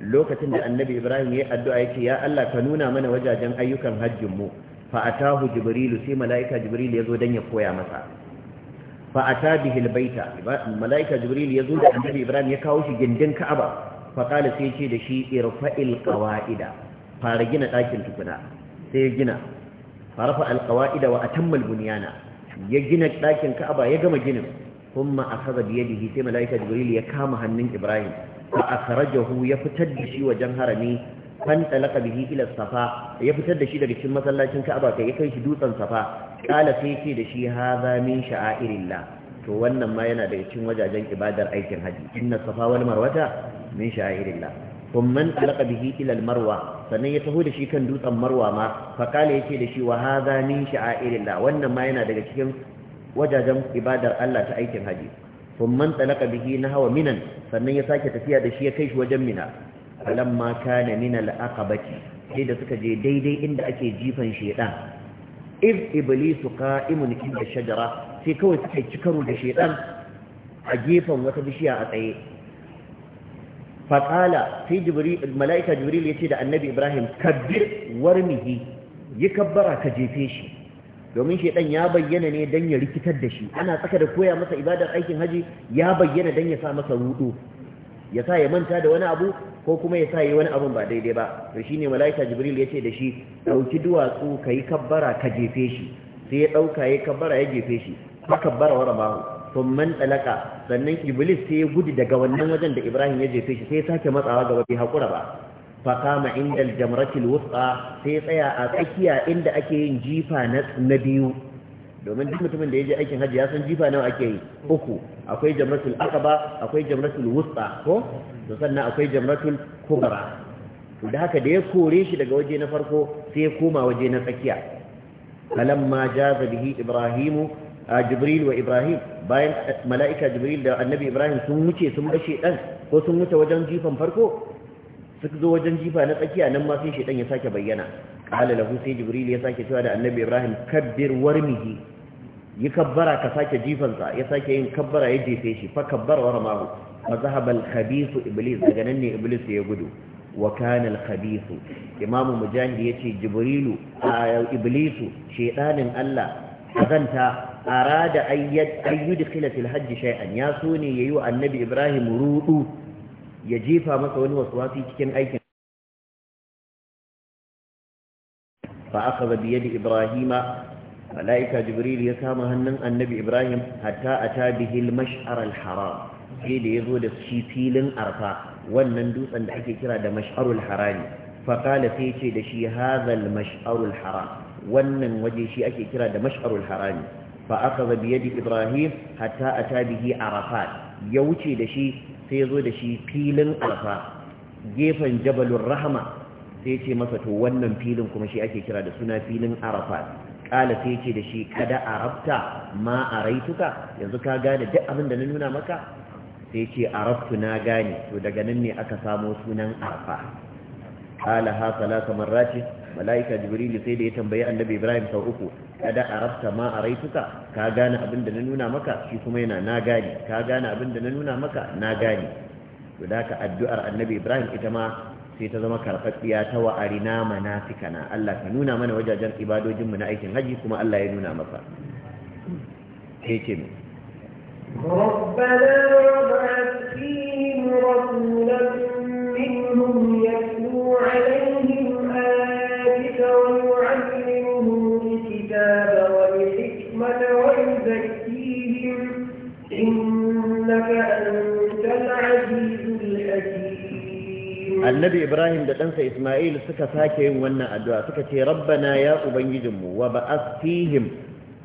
lokacin da annabi ibrahim ya addu'a ya ce ya Allah ka nuna mana wajajen ayyukan hajjin mu fa atahu jibrilu sai mala'ika jibrilu ya zo dan ya koya masa fa ata bihi albayta malaika jibril yazo da annabi ibrahim ya kawo shi gindin ka'aba fa qala sai ce da shi irfa'il qawaida fara gina dakin tukuna sai gina farafa alqawaida wa atamma albunyana ya gina dakin ka'aba ya gama ginin thumma akhadha bi yadihi sai malaika jibril ya kama hannun ibrahim fa akhrajahu ya fitar da shi wajen harami fantalaka bihi ila safa ya fitar da shi daga cikin masallacin ka'aba kai ya kai shi dutsen safa kala sai ce da shi haza min sha'airillah to wannan ma yana daga cikin wajajen ibadar aikin haji inna safa wal marwata min sha'airillah kun man alaka bihi ila marwa sannan ya taho da shi kan dutsen marwa ma fa kala yace da shi wa haza min sha'airillah wannan ma yana daga cikin wajajen ibadar Allah ta aikin haji kun man talaka bihi na hawa minan sannan ya sake tafiya da shi ya kai shi wajen mina falamma kana min al-aqabati sai da suka je daidai inda ake jifan shedan if iblisu qa'imun inda shajara sai kawai suka cikaru da shedan a gefen wata bishiya a tsaye faqala sai jibril malaika jibril yace da annabi ibrahim kabbir warmihi yi kabbara ka jefe shi domin shedan ya bayyana ne dan ya rikitar da shi ana tsaka da koya masa ibadar aikin haji ya bayyana dan ya sa masa rudo ya sa ya manta da wani abu ko kuma ya sa yi wani abin ba daidai ba to shine malaika jibril ya ce da shi dauki duwatsu kai kabbara ka jefe shi sai ya dauka ya kabbara ya jefe shi ka kabbara wa rabahu man talaka sannan iblis sai ya gudu daga wannan wajen da ibrahim ya jefe shi sai ya sake matsawa gaba bai hakura ba fa kama inda aljamratil wusta sai ya tsaya a tsakiya inda ake yin jifa na biyu domin duk mutumin da ya je aikin hajji ya san jifa nawa ake yi uku akwai jamratul akaba, akwai jamratul wusta ko to sannan akwai jamratul kubra to da haka da ya kore shi daga waje na farko sai ya koma waje na tsakiya kalamma jaza bihi ibrahimu jibril wa ibrahim bayan eh, mala'ika jibril da annabi ibrahim sun wuce sun bashe dan ko sun wuce wajen jifan farko suka zo wajen jifa na tsakiya nan ma sai shaitan ya sake bayyana qala lahu sai jibril ya sake cewa da annabi ibrahim kabbir warmihi yi kabbara ka sake jifansa ya sake yin kabbara ya jefe shi fa kabbara wa ramahu fa zahaba al khabith iblis daga nan ne iblis ya gudu wa kana al khabith imam mujahid yace jibrilu iblisu shaytanin allah azanta arada ayyud ayyud khilafil hajj shay'an ya so ne yayi wa annabi ibrahim rudu ya jefa masa wani waswasi cikin aikin fa akhadha bi yadi ibrahima malaika jibril ya kama hannun annabi ibrahim hatta a bihi al-mash'ar al-haram sai da zo da shi filin arfa wannan dutsen da ake kira da mash'arul harami fa sai ce da shi hadha al-mash'arul haram wannan waje shi ake kira da mash'arul harami fa’akaza biye da ibrahim hatta a bihi arafat ya wuce da shi sai zo da shi filin arfa gefen jabalin rahama sai ce masa to wannan filin kuma shi ake kira da suna filin arafat kala sai ce da shi kada a ma a raituka yanzu ka gane duk abin da na nuna maka sai ce araftu na gane to daga nan ne aka samo sunan arfa ƙala ha kamar marrace mala'ika jibrilu sai da ya tambayi annabi ibrahim sau uku kada arabta ma a araituka ka gane abin da na nuna maka shi kuma yana na gani ka gane abin da na nuna maka na gani to da ka addu'ar annabi ibrahim ita ma sai ta zama karfafiya ta wa'arina na Allah ka nuna mana wajajen ibadojin mu na aikin haji kuma Allah ya nuna maka sai ce mu إنك أنت العزيز الحكيم النبي إبراهيم دقنس إسماعيل سكا ساكين وانا أدعى سكا ربنا يا wa ba'as fihim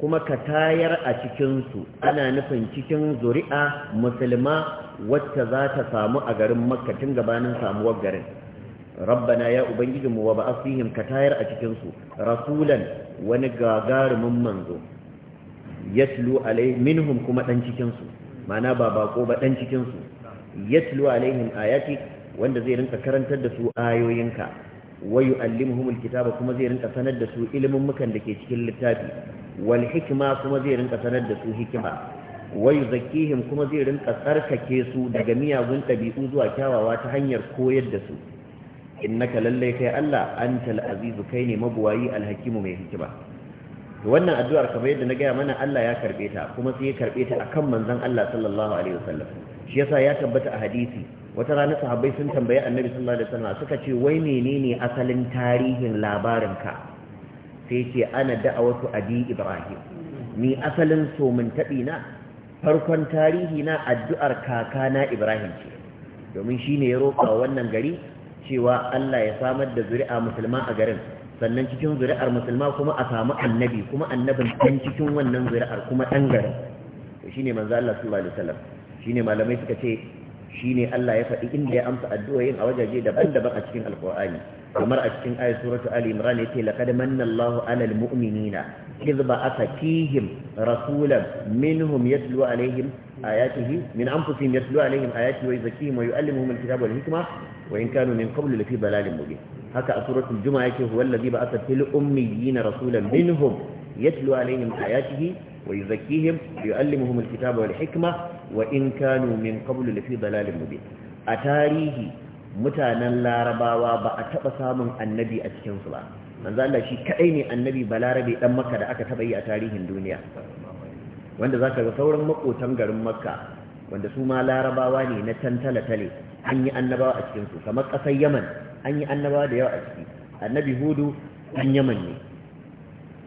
kuma ka tayar a cikinsu ana nufin cikin zuri'a musulma wacce za ta samu a garin makka tun gabanin samuwar garin rabbana ya ubangijinmu wa fihim ka tayar a cikinsu rasulan wani gagarumin manzo yatlu alai minhum kuma ɗan cikinsu ma'ana ba bako ba dan cikin su yatlu alaihim ayati wanda zai rinka karantar da su ayoyinka wa yu'allimuhum alkitaba kuma zai rinka sanar da su ilimin mukan da ke cikin littafi wal hikma kuma zai rinka sanar da su hikima wa yuzakkihim kuma zai rinka tsarkake su daga miyagun ɗabi'u zuwa kyawawa ta hanyar koyar da su innaka lallai kai Allah antal azizu kai ne mabuwayi alhakimu mai hikima wannan addu'ar kamar yadda na gaya mana Allah ya karbe ta kuma sai ya karbe ta akan manzon Allah sallallahu alaihi wasallam shi yasa ya tabbata a hadisi wata rana sahabbai sun tambaye annabi sallallahu alaihi wasallam suka ce wai menene asalin tarihin labarin ka sai ce ana wasu adi ibrahim ni asalin somin tabi na farkon tarihi na addu'ar kakana ibrahim ce domin shine ya roƙa wannan gari cewa Allah ya samar da zuri'a musulman a garin sannan cikin zuri'ar musulma kuma a samu annabi kuma annabin ɗan cikin wannan zuri'ar kuma ɗan garin to shine manzo Allah sallallahu alaihi wasallam shine malamai suka ce shine Allah ya faɗi inda ya amsa addu'o'in a wajaje daban-daban a cikin alqur'ani kamar a cikin ayat suratu ali imran yace laqad manna Allahu 'alal mu'minina idh ba'atha fihim rasulan minhum yatlu 'alaihim ayatihi min anfusihim yatlu 'alaihim ayatihi wa yuzakkihim wa yu'allimuhum alkitaba wal hikma wa in kanu min qablu lafi dalalin mubin haka a suratul juma yake huwa allazi ba'atha fil ummiyina rasulan minhum yatlu alaihim ayatihi wa yuzakkihim wa yuallimuhum alkitaba wal hikma wa in kanu min qablu lafi dalalin mubin a tarihi mutanen larabawa ba a taba samun annabi a cikin su ba manzo Allah shi kadai ne annabi balarabe dan makka da aka taba yi a tarihin duniya wanda zaka ga sauran makotan garin makka wanda su ma larabawa ne na tantala tale an yi annabawa a cikinsu kamar kasar yaman an yi annaba da yawa a ciki annabi hudu an yaman ne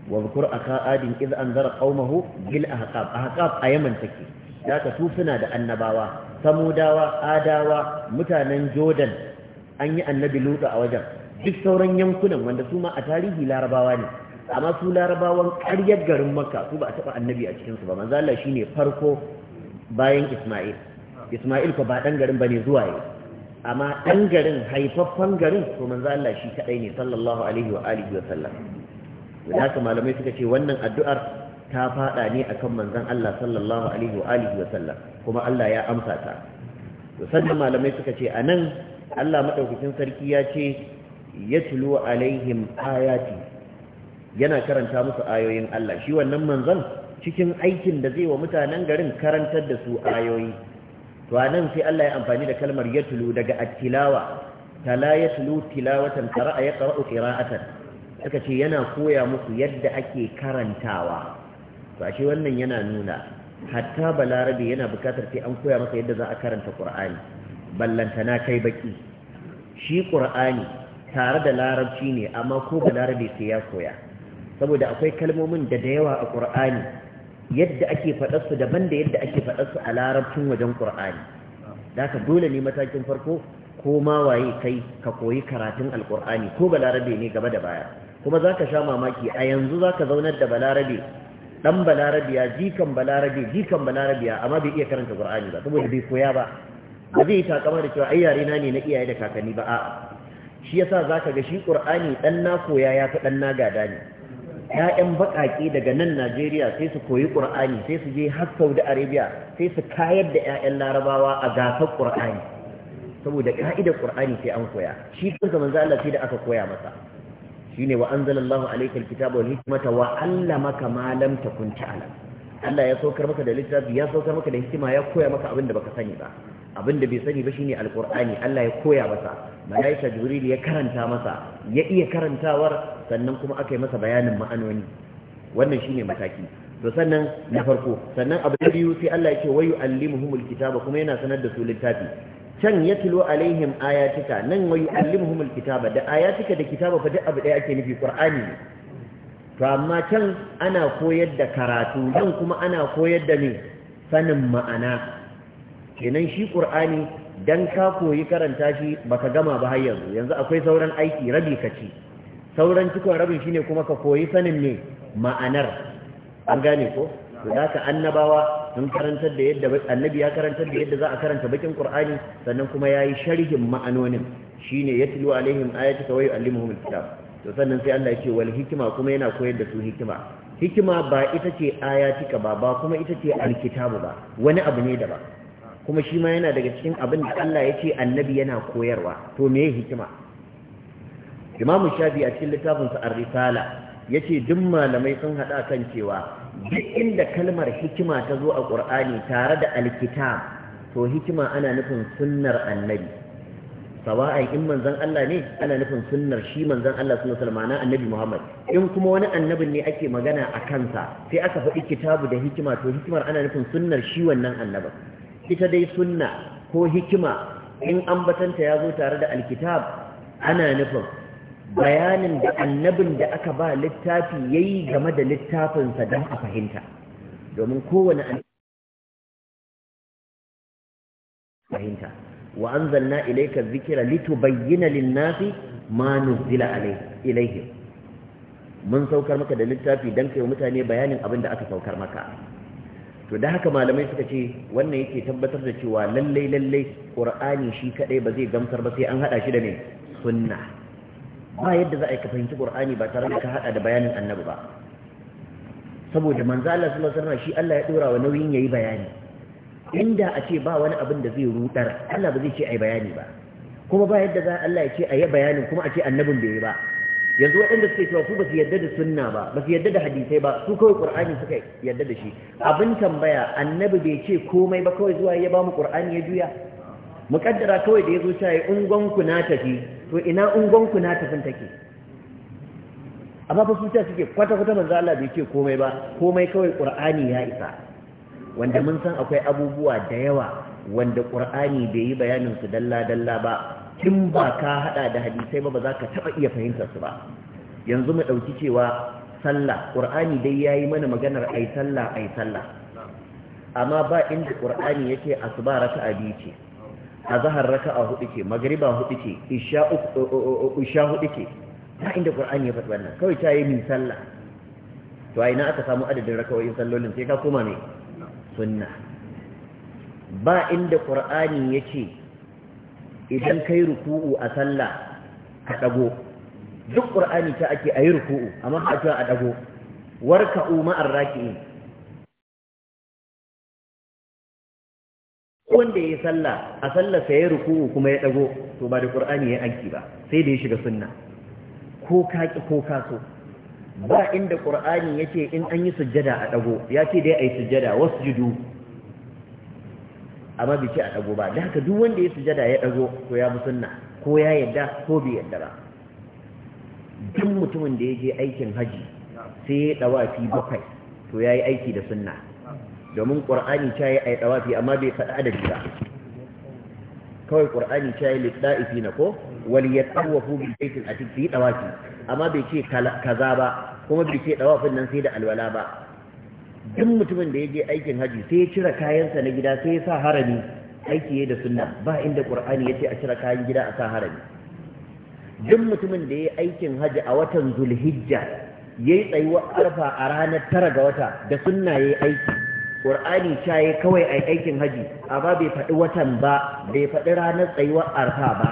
wa zukur aka adin iz zara qaumahu bil ahqab ahqab a yaman take haka su suna da annabawa samudawa adawa mutanen jordan an yi annabi lutu a wajen duk sauran yankunan wanda su ma a tarihi larabawa ne amma su larabawan ƙaryar garin makka su ba a taɓa annabi a cikinsu ba manzo Allah shine farko bayan Isma'il Isma'il ko ba dan garin bane zuwa yau amma ɗan garin haifaffen garin to manzo Allah shi kadai ne sallallahu alaihi wa alihi wa sallam da haka malamai suka ce wannan addu'ar ta fada ne akan manzon Allah sallallahu alaihi wa alihi wa sallam kuma Allah ya amsa ta to sannan malamai suka ce anan Allah madaukakin sarki ya ce yatlu alaihim ayati yana karanta musu ayoyin Allah shi wannan manzon cikin aikin da zai wa mutanen garin karantar da su ayoyi to anan sai Allah ya amfani da kalmar yatlu daga at tala yatlu tilawatan qara'a yaqra'u qira'atan aka ce yana koya muku yadda ake karantawa to ashe wannan yana nuna hatta balarabe yana bukatar sai an koya masa yadda za a karanta qur'ani ballantana kai baki shi qur'ani tare da larabci ne amma ko balarabe sai ya koya saboda akwai kalmomin da da yawa a qur'ani yadda ake faɗarsu daban da yadda ake faɗarsu a larabcin wajen ƙur'ani da ka dole ne matakin farko ko ma waye kai ka koyi karatun alƙur'ani ko balarabe ne gaba da baya kuma za ka sha mamaki a yanzu za ka zaunar da balarabe ɗan balarabiya jikan balarabe jikan balarabiya amma bai iya karanta ƙur'ani ba saboda bai koya ba ba zai yi takama da cewa ai yare na ne na iyaye da kakanni ba a'a shi yasa za ka ga shi ƙur'ani ɗan na koya ya fi ɗan na gada ne ƴaƴan baƙaƙe daga nan Najeriya sai su koyi Qur'ani sai su je har Saudi Arabia sai su kayar da ƴaƴan Larabawa a gasar Qur'ani saboda ka'idar Qur'ani sai an koya shi kansa manzo Allah sai da aka koya masa shine wa anzalallahu alaykal kitaba wal hikmata wa 'allamaka ma lam takun ta'lam Allah ya saukar maka da littafi ya saukar maka da hikima ya koya maka abin da baka sani ba abin da bai sani ba shine alqur'ani Allah ya koya masa malaika jibril ya karanta masa ya iya karantawar sannan kuma aka yi masa bayanin ma'anoni wannan shine mataki to sannan na farko sannan abu na biyu sai Allah ya ce wayu allimuhumul kitaba kuma yana sanar da su littafi can ya tilo alaihim ayatika nan wayu allimuhumul kitaba da ayatika da kitaba fa duk abu ake nufi qur'ani ne to amma can ana koyar da karatu nan kuma ana koyar da ne sanin ma'ana kenan shi qur'ani dan ka koyi karanta shi baka gama ba har yanzu yanzu akwai sauran aiki rabi ka ci sauran cikon rabin shine kuma ka koyi sanin ne ma'anar an gane ko to da ka annabawa sun karantar da yadda annabi ya karantar da yadda za a karanta bakin qur'ani sannan kuma yayi sharhin ma'anonin shine yatlu alaihim ayatika wa yu'allimuhum alkitab to sannan sai Allah ya ce wal hikima kuma yana koyar da su hikima hikima ba ita ce ka ba ba kuma ita ce alkitabu ba wani abu ne daban kuma shi ma yana daga cikin abin da Allah ya ce annabi yana koyarwa to meye hikima imamu shafi a cikin littafinsa ar-risala ya ce, duk malamai sun haɗa kan cewa duk inda kalmar hikima ta zo a qur'ani tare da al-kitab to hikima ana nufin sunnar annabi sawa'ai in manzon Allah ne ana nufin sunnar shi manzon Allah sallallahu alaihi wasallam annabi Muhammad in kuma wani annabin ne ake magana a kansa sai aka faɗi kitabu da hikima to hikimar ana nufin sunnar shi wannan annabin ita dai sunna ko hikima in ambatanta ya zo tare da alkitab ana nufin bayanin da annabin da aka ba littafi ya yi game da littafinsa don a fahimta domin kowane an fahimta wa zanna ilayka zikira lito bayyana linnafi ma nuzila ilayhim mun saukar maka da littafi don kai mutane bayanin abin da aka saukar maka to da haka malamai suka ce wannan yake tabbatar da cewa lallai lallai ƙur'ani shi kaɗai ba zai gamsar ba sai an haɗa shi da ne sunna ba yadda za a yi ka fahimci qur'ani ba tare da ka haɗa da bayanin annabi ba saboda manzo Allah sallallahu alaihi wasallam shi Allah ya dora wa nauyin yayi bayani inda a ce ba wani abin da zai rudar Allah ba zai ce ai bayani ba kuma ba yadda za Allah ya ce ayi bayanin kuma a ce annabin bai yi ba yanzu waɗanda suke cewa ku ba su yarda da sunna ba ba su yarda da hadisai ba su kawai qur'ani suka yarda da shi abin tambaya annabi bai ce komai ba kawai zuwa ya ba mu qur'ani ya juya muƙaddara kawai da ya zo ta yi ungon ku na tafi to ina ungonku na tafin take amma fa suciya suke kwata-kwata manzo Allah bai ce komai ba komai kawai ƙur'ani ya isa wanda mun san akwai abubuwa da yawa wanda ƙur'ani bai yi bayanin su dalla-dalla ba tun ba ka hada da hadisai ba ba za ka taba iya fahimtar su ba yanzu mu dauki cewa sallah ƙur'ani dai ya yi mana maganar ai sallah ai sallah amma ba inda qur'ani yake asuba raka'a biyu ce a zahar raka'a hudu ke magariba hudu ke isha hudu ke ta inda qur'ani ya faɗi wannan kawai ta yi min sallah to ai na aka samu adadin raka'o'in sallolin sai ka koma ne sunna ba inda qur'ani ce idan kai ruku'u a sallah ka dago duk qur'ani ta ake ayi ruku'u amma ba a dago warka'u ma'ar raki'in wanda ya yi sallah a sai ya ruku kuma ya dago to ba da qur'ani ya aiki ba sai da ya shiga sunna ko ka ki ko ka so ba inda qur'ani yake in an yi sujjada a dago ce dai ayi sujjada wasjudu amma bi ce a dago ba da haka duk wanda ya sujjada ya dago to ya bi sunna ko ya yadda ko bai yadda ba duk mutumin da ya je aikin haji sai ya fi bakwai to ya yi aiki da sunna domin ƙwar'ani ta yi yi amma bai faɗa adadi ba kawai ƙwar'ani ta yi ifi na ko wani wal yatawafu bil baitil atiq yi ɗawafi. amma bai ce kaza ba kuma bai ce ɗawafin nan sai da alwala ba duk mutumin da ya je aikin haji sai ya cire kayansa na gida sai ya sa harami aiki ya da sunna ba inda ya ce a cire kayan gida a sa harami duk mutumin da ya yi aikin haji a watan zulhijja ya yi tsayuwar arfa a ranar tara ga wata da sunna ya yi aiki qur'ani ta yi kawai a aikin haji amma bai faɗi watan ba bai faɗi ranar tsayuwar arfa ba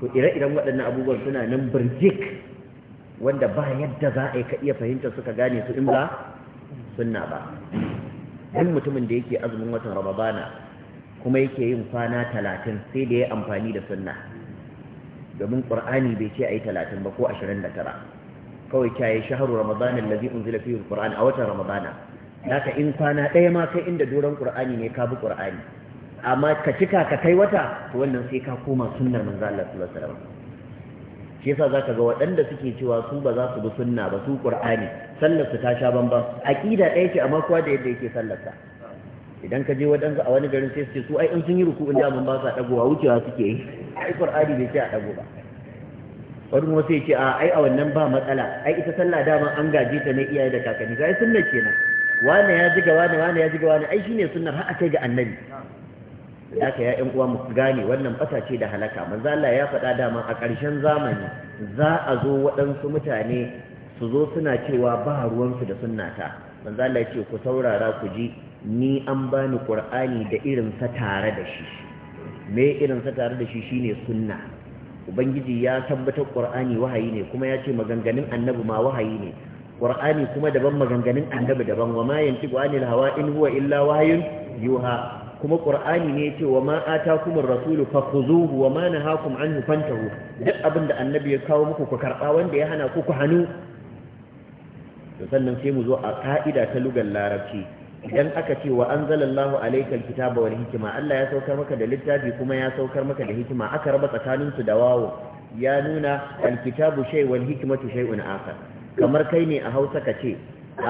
to ire-iren waɗannan abubuwan suna nan birjik wanda ba yadda za a yi ka iya fahimta suka gane su in ba sunna ba duk mutumin da yake azumin watan ramadana kuma yake yin kwana talatin sai da ya amfani da sunna domin ƙur'ani bai ce a yi talatin ba ko ashirin da tara kawai ta yi shaharu ramadana lazi unzila fihi qur'an a watan ramadana naka in kwana ɗaya ma kai inda doron ƙur'ani ne ka bi ƙur'ani amma ka cika ka kai wata to wannan sai ka koma sunnar manzo Allah sallallahu alaihi wasallam shi yasa zaka ga waɗanda suke cewa su ba za su bi sunna ba su ƙur'ani sallar su ta sha bamban aqida ɗaya ce amma kuwa da yadda yake sallar ta idan ka je waɗansu a wani garin sai su ce su ai in sun yi ruku'un da mun ba sa dagowa wucewa suke yi ai ƙur'ani bai ce a dago ba wani kuma sai ce a ai a wannan ba matsala ai ita sallah dama an gaje ta ne iyaye da kakanni sai sunna kenan wane ya jiga wane wane ya jiga wane ai shine sunnar har akai ga annabi ka ya ƴan uwa mu gane wannan fata ce da halaka manzo Allah ya faɗa dama a ƙarshen zamani za a zo waɗansu mutane su zo suna cewa ba ruwansu da sunnata manzo Allah ya ce ku saurara ku ji ni an bani qur'ani da irin sa tare da shi me irin sa tare da shi shine sunna ubangiji ya tabbatar qur'ani wahayi ne kuma ya ce maganganun annabi ma wahayi ne qur'ani kuma daban maganganun annabi daban wa ma yantiqu anil hawa in huwa illa wahyun yuha kuma Ƙur'ani ne ce wa ma kuma rasulu fakhuzuhu wa ma nahakum anhu fantahu duk abin da annabi ya kawo muku ku karba wanda ya hana ku ku hannu. sannan sai mu zo a ka'ida ta lugar larabci idan aka ce wa anzalallahu alaikal kitaba wal hikima Allah ya saukar maka da littafi kuma ya saukar maka da hikima aka raba tsakanin su da wawo ya nuna alkitabu shay wal hikmatu shay'un akhar kamar kai ne a hausa ka ce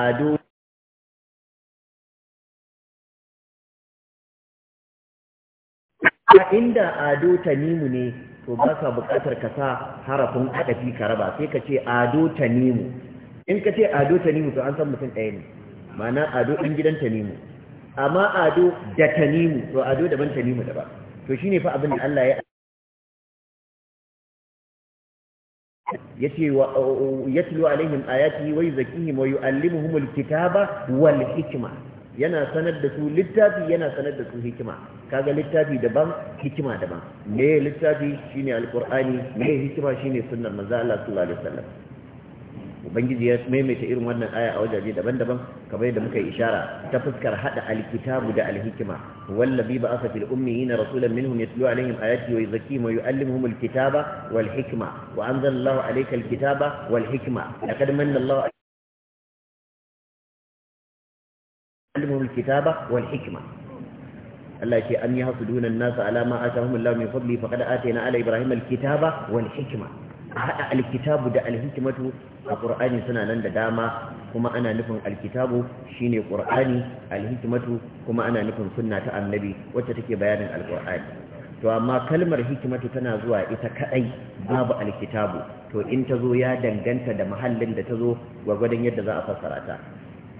ado a inda ado tanimu ne to ba ka buƙatar ka sa harafin adafi ka raba sai ka ce ado tanimu in ka ce ado tanimu to an san mutum ɗaya ne ma'ana ado ɗan gidan tanimu amma ado da tanimu to ado daban tanimu daban to shine fa abin da Allah ya yace wa yatlu alaihim ayatihi wa yuzakkihim wa yuallimuhum alkitaba wal hikma yana sanar da su littafi yana sanar da su hikima kaga littafi daban hikima daban me littafi shine alqur'ani me hikima shine sunnar manzo Allah sallallahu alaihi wasallam ubangiji ya maimaita irin wannan aya a wajaje daban-daban kamar yadda muka yi ishara ta fuskar hada alkitabu da alhikima wallazi ba aka fil ummiyina rasulan minhum yatlu alaihim ayati wa yuzakkihim wa yuallimuhum alkitaba wal hikma wa anzalallahu alayka alkitaba wal hikma laqad manna Allahu علمهم الكتابة والحكمة التي أن يهصدون الناس على ما آتاهم الله من فضله فقد آتينا على إبراهيم الكتابة والحكمة a haɗa alkitabu da alhikimatu a ƙur'ani suna nan da dama kuma ana nufin alkitabu shine ƙur'ani alhikimatu kuma ana nufin sunna ta annabi wacce take bayanin alƙur'ani to amma kalmar hikimatu tana zuwa ita kaɗai babu alkitabu to in ta zo ya danganta da mahallin da ta zo gwagwadon yadda za a fassara ta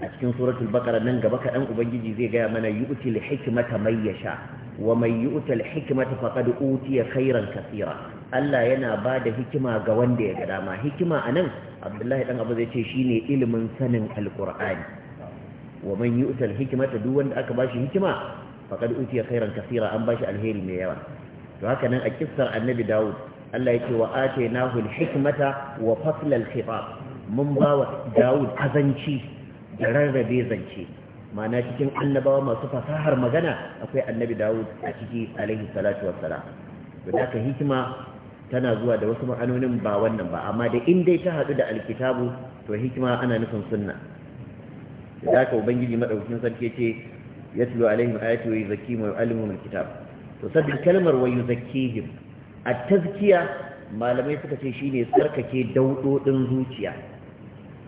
a cikin suratul baqara nan gaba kaɗan ubangiji zai gaya mana yu'til hikmata ya sha wa hikimata yu'til hikmata faqad utiya khairan kasira. Allah yana ba da hikima ga wanda ya ga dama hikima a nan abdullahi ɗan abu zai ce shi ne ilimin sanin alkur'ani wa man yi utar hikimata duk wanda aka ba shi hikima faƙar utiya khairan kasira an ba shi alheri mai yawa to haka nan a kissar annabi dawud Allah ya ce wa ate nahu hikimata wa faslal khitab mun ba wa dawud azanci da rarrabe zance ma'ana cikin annabawa masu fasahar magana akwai annabi dawud a ciki alaihi salatu wassalam to da hikima tana zuwa da wasu ma'anonin ba wannan ba amma da in dai ta haɗu da alkitabu to hikima ana nufin sunna da haka ubangiji madaukakin sarki yace yatlu alaihim ayati wa yuzakkihim wa yu'allimuhum alkitab to sabbin kalmar wa yuzakkihim at-tazkiya malamai suka ce shine tsarkake daudodin zuciya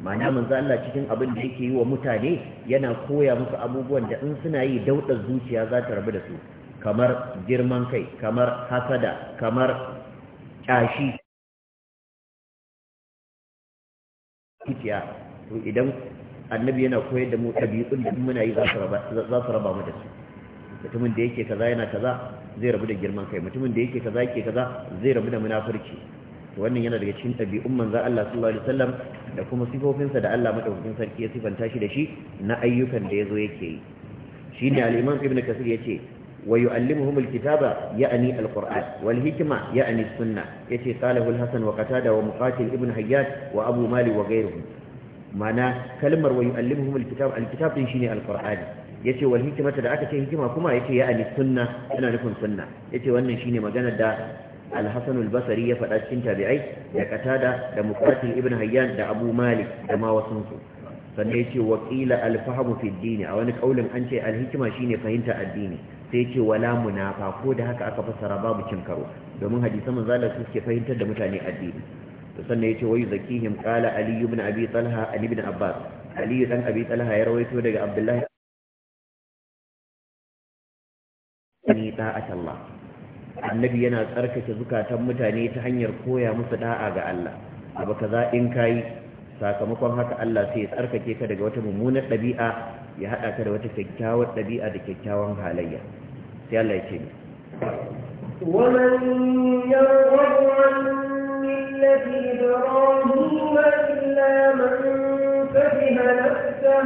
ma'ana manzo Allah cikin abin da yake yi wa mutane yana koya musu abubuwan da in suna yi daudar zuciya za ta rabu da su kamar girman kai kamar hasada kamar ƙyashi Kitiya, to idan annabi yana koyar da mu ɗabi'un da muna yi za su raba mu da su mutumin da yake kaza yana kaza zai rabu da girman kai mutumin da yake kaza yake kaza zai rabu da munafurci wannan yana daga cikin ɗabi'un manzan Allah sallallahu alaihi wasallam da kuma sifofinsa da Allah madaukakin sarki ya sifanta shi da shi na ayyukan da yazo yake yi shine al-Imam Ibn Kathir yace ويعلمهم الكتاب يعني القرآن والهكمة يعني السنة يتي قاله الحسن وقتادة ومقاتل ابن هيات وأبو مالي وغيرهم معنى كلمة ويعلمهم الكتاب الكتاب تنشيني القرآن yace wal da aka ce hikima kuma yace ya ani sunna yana nufin sunna yace wannan shine maganar da al-Hasan al-Basri ya faɗa cikin tabi'ai da Qatada da Muqatil ibn Hayyan da Abu Malik da ma wasu su sannan yace wa qila al-fahmu fi ad-din a wani kaulin an ce al hikima shine fahimta addini sai ce wala munafa ko da haka aka fassara babu cin karo domin hadisan manzo ke su suke fahimtar da mutane addini to sannan yace wai zakihim qala ali ibn abi talha ali ibn abbas ali dan abi talha ya rawaito daga abdullahi ni ta'at Allah annabi yana tsarkake zukatan mutane ta hanyar koya musu da'a ga Allah abu kaza in kai sakamakon haka Allah sai ya tsarkake ka daga wata mummunar dabi'a ya hada ka da wata kyakkyawar dabi'a da kyakkyawan halayya sai Allah ya ce ni ومن يرغب عن ملة إبراهيم إلا من فهم نفسه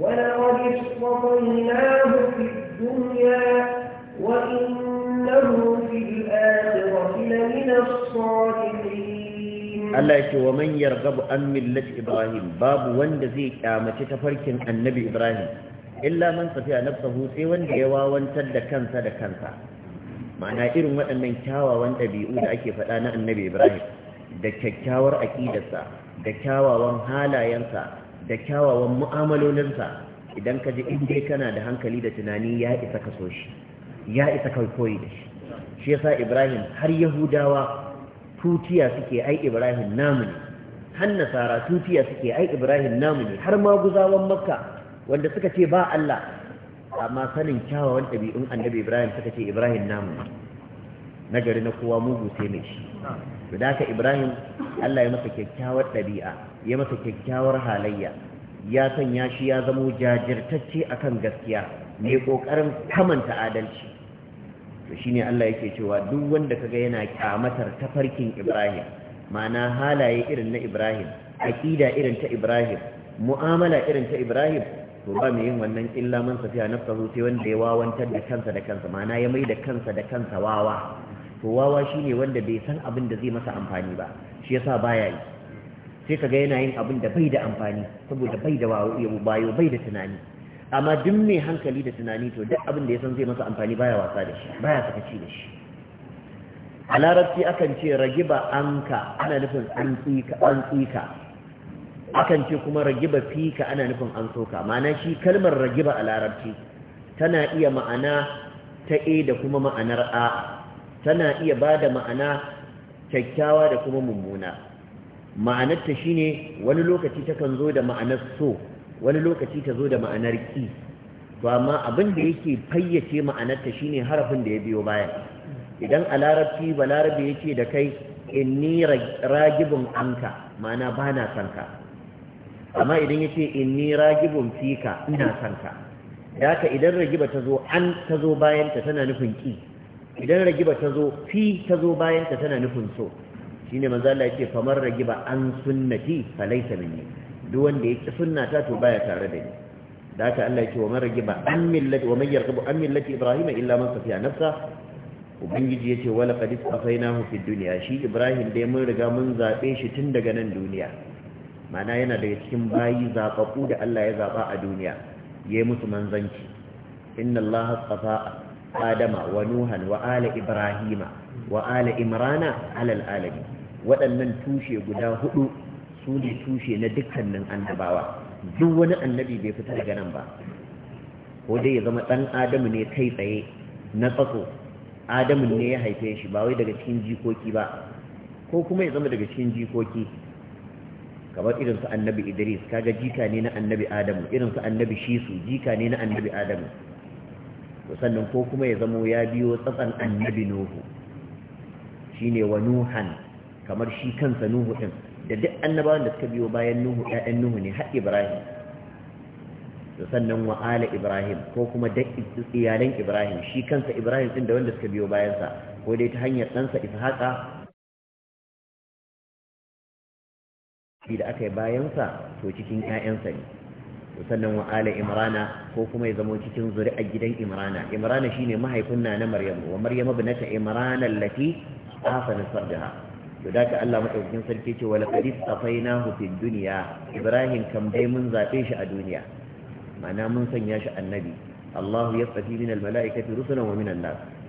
ولقد اصطفيناه في الدنيا وإنه في الآخرة لمن الصالحين Allah ya ce wa man yarghabu an millati ibrahim babu wanda zai kyamaci tafarkin annabi ibrahim illa man safiya nafsahu sai wanda ya wawantar da kansa da kansa ma'ana irin waɗannan kyawawan ɗabi'u da ake faɗa na annabi ibrahim da kyakkyawar aƙidarsa da kyawawan halayensa da kyawawan mu'amalolinsa idan ka ji in dai kana da hankali da tunani ya isa ka so shi ya isa ka koyi da shi shi yasa ibrahim har yahudawa tutiya suke ai ibrahim namu ne har nasara tutiya suke ai ibrahim namu ne har guzawan makka wanda suka ce ba allah amma sanin kyawawan ɗabi'un annabi ibrahim suka ce ibrahim namu ne nagari na kowa mugu sai mai shi da haka ibrahim allah ya masa kyakkyawar ɗabi'a ya masa kyakkyawar halayya ya sanya shi ya zamo jajirtacce akan gaskiya mai ƙoƙarin kamanta adalci to shine Allah yake cewa duk wanda kaga yana kyamatar tafarkin Ibrahim ma'ana halaye irin na Ibrahim aqida irin ta Ibrahim mu'amala irin ta Ibrahim to ba mai yin wannan illa man safiya nafsahu sai wanda ya wawantar da kansa da kansa ma'ana ya mai da kansa da kansa wawa to wawa shine wanda bai san abin da zai masa amfani ba shi yasa baya yi sai kaga yana yin abin da bai da amfani saboda bai da wayo bai da tunani amma duk mai hankali da tunani to duk abin da ya san zai masa amfani baya wasa da shi baya sakaci da shi a larabci akan ce ragiba anka ana nufin an tsika an tsika akan ce kuma ragiba fika ana nufin an soka ma'ana shi kalmar ragiba a larabci tana iya ma'ana ta e da kuma ma'anar a tana iya ba da ma'ana kyakkyawa da kuma mummuna ma'anarta shine wani lokaci takan zo da ma'anar so wani lokaci ta zo da ma'anar ki to amma abin da yake fayyace ma'anarta shine harafin da ya biyo baya idan a larabci balarabe ya ce da kai inni ragibin anka ma'ana ba na son ka amma idan ya ce inni ragibin fika ina son ka da idan ragiba ta zo an ta zo bayanta tana nufin ki idan ragiba ta zo fi ta zo bayanta tana nufin so shine manzo Allah yake ce kamar ragiba an sunnati falaita minni duk wanda ya ki sunna ta to baya tare da ni da haka Allah ya ce wa man ragiba an millati wa man yarghabu an millati ibrahim illa man safiya nafsa ubangiji yace wala qad istafainahu fi dunya shi ibrahim dai mun riga mun zabe shi tun daga nan duniya mana yana daga cikin bayi zabaku da Allah ya zaba a duniya yayi musu manzanci inna allaha astafa adama wa nuhan wa ala ibrahima wa ala imrana ala alamin waɗannan tushe guda hudu su ne tushe na dukkanin annabawa duk wani annabi bai fita daga nan ba ko dai ya zama ɗan adamu ne kai tsaye na tsako adamu ne ya haife shi ba wai daga cikin jikoki ba ko kuma ya zama daga cikin jikoki kamar irin su annabi idris kaga jika ne na annabi adamu irin su annabi shisu jika ne na annabi adamu to sannan ko kuma ya zama ya biyo tsatsan annabi nuhu shine wa nuhan kamar shi kansa nuhu din da duk annabawan da suka biyo bayan nuhu ɗaɗan nuhu ne har ibrahim da sannan wa'ala ibrahim ko kuma da iyalan ibrahim shi kansa ibrahim ɗin da wanda suka biyo bayansa ko dai ta hanyar ɗansa ishaqa shi da aka yi bayansa to cikin ƴaƴansa ne da sannan wa'ala imrana ko kuma ya zama cikin zuri'ar gidan imrana imrana shine mahaifin na na maryam wa maryam ibnata imrana allati ahsanat sardaha to da ka Allah madaukakin sarki ce wala qad istafainahu fid duniya? Ibrahim kan dai mun zabe shi a duniya ma'ana mun sanya shi annabi Allahu ya tsafi min al mala'ikati rusulan wa min an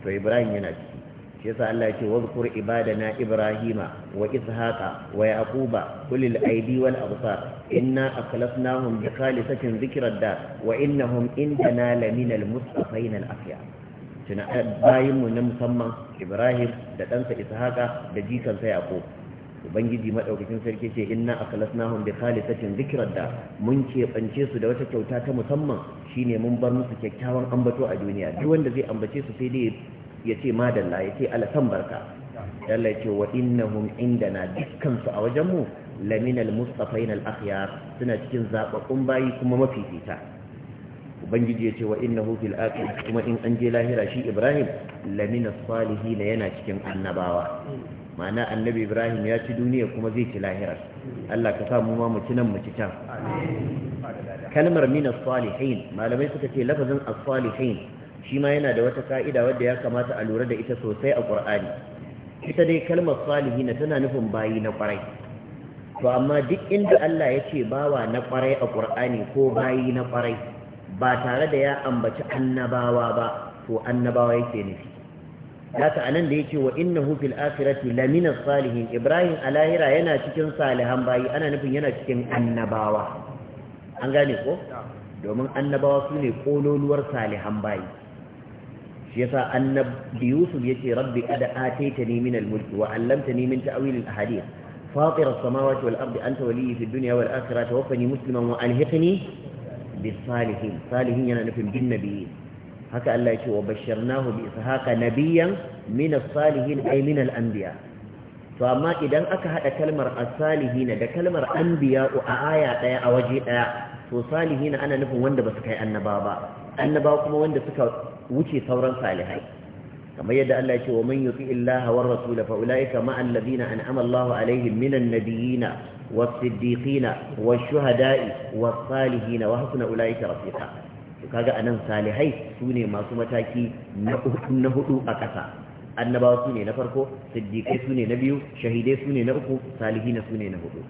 to Ibrahim yana ciki shi yasa Allah ya ce wadhkur ibadana ibrahima wa ishaqa wa yaquba ulil aidi wal absar inna akhlasnahum bi khalisatin zikirar dar wa innahum indana lamina al mustafaina al afyar tuna eh, bayinmu na musamman ibrahim da ɗansa ishaqa da jikansa Yaƙo. ubangiji maɗaukacin sarki ce inna akhlasnahum bi khalisatin dhikrar da mun keɓance su da wata kyauta ta musamman shine mun bar musu kyakkyawan ambato a duniya duk wanda zai ambace su sai dai ya ce madalla ya ce alasan barka dalla ya ce wa innahum indana a wajen mu laminal mustafain al akhyar suna cikin zababbun bayi kuma mafifita ubangiji ya ce wa innahu fil akhirah kuma in an je lahira shi ibrahim lamina na yana cikin annabawa ma'ana annabi ibrahim ya ci duniya kuma zai ci lahira Allah ka sa mu ma nan mu ci can kalmar mina as-salihin malamai suka ce lafazin as-salihin shi ma yana da wata ka'ida wadda ya kamata a lura da ita sosai a Qur'ani ita dai kalmar salihin tana nufin bayi na kwarai to amma duk inda Allah ya ce bawa na kwarai a Qur'ani ko bayi na kwarai ba tare da ya ambaci annabawa ba to annabawa yake nufi Ya haka anan da yake wa innahu fil akhirati lamina salihin ibrahim a lahira yana cikin salihan bayi ana nufin yana cikin annabawa an gane ko domin annabawa su ne kololuwar salihan bayi shi yasa annabi yusuf yace rabbi qad ataitani min al-mulki wa 'allamtani min ta'wil al-ahadith فاطر السماوات والأرض أنت ولي في الدنيا والآخرة توفني مسلما وألهقني bisalihin salihin yana nufin bin nabiyyi haka Allah ya ce wa basharnahu bi ishaqa nabiyyan min as-salihin ay min al-anbiya to amma idan aka hada kalmar as-salihin da kalmar anbiya a aya daya a waje daya to salihin ana nufin wanda ba su kai annaba ba annaba kuma wanda suka wuce sauran salihai kamar yadda Allah ya ce wa man yuti illaha war rasul fa ulaika ma alladhina an'ama Allahu alaihim minan nabiyina was-siddiqina wash-shuhada'i was salihina wa hasuna ulaika rafiqa kaga anan salihai sune masu mataki na hudu na hudu a ƙasa annabawa sune na farko siddiqai sune na biyu shahidai sune na uku salihina sune na hudu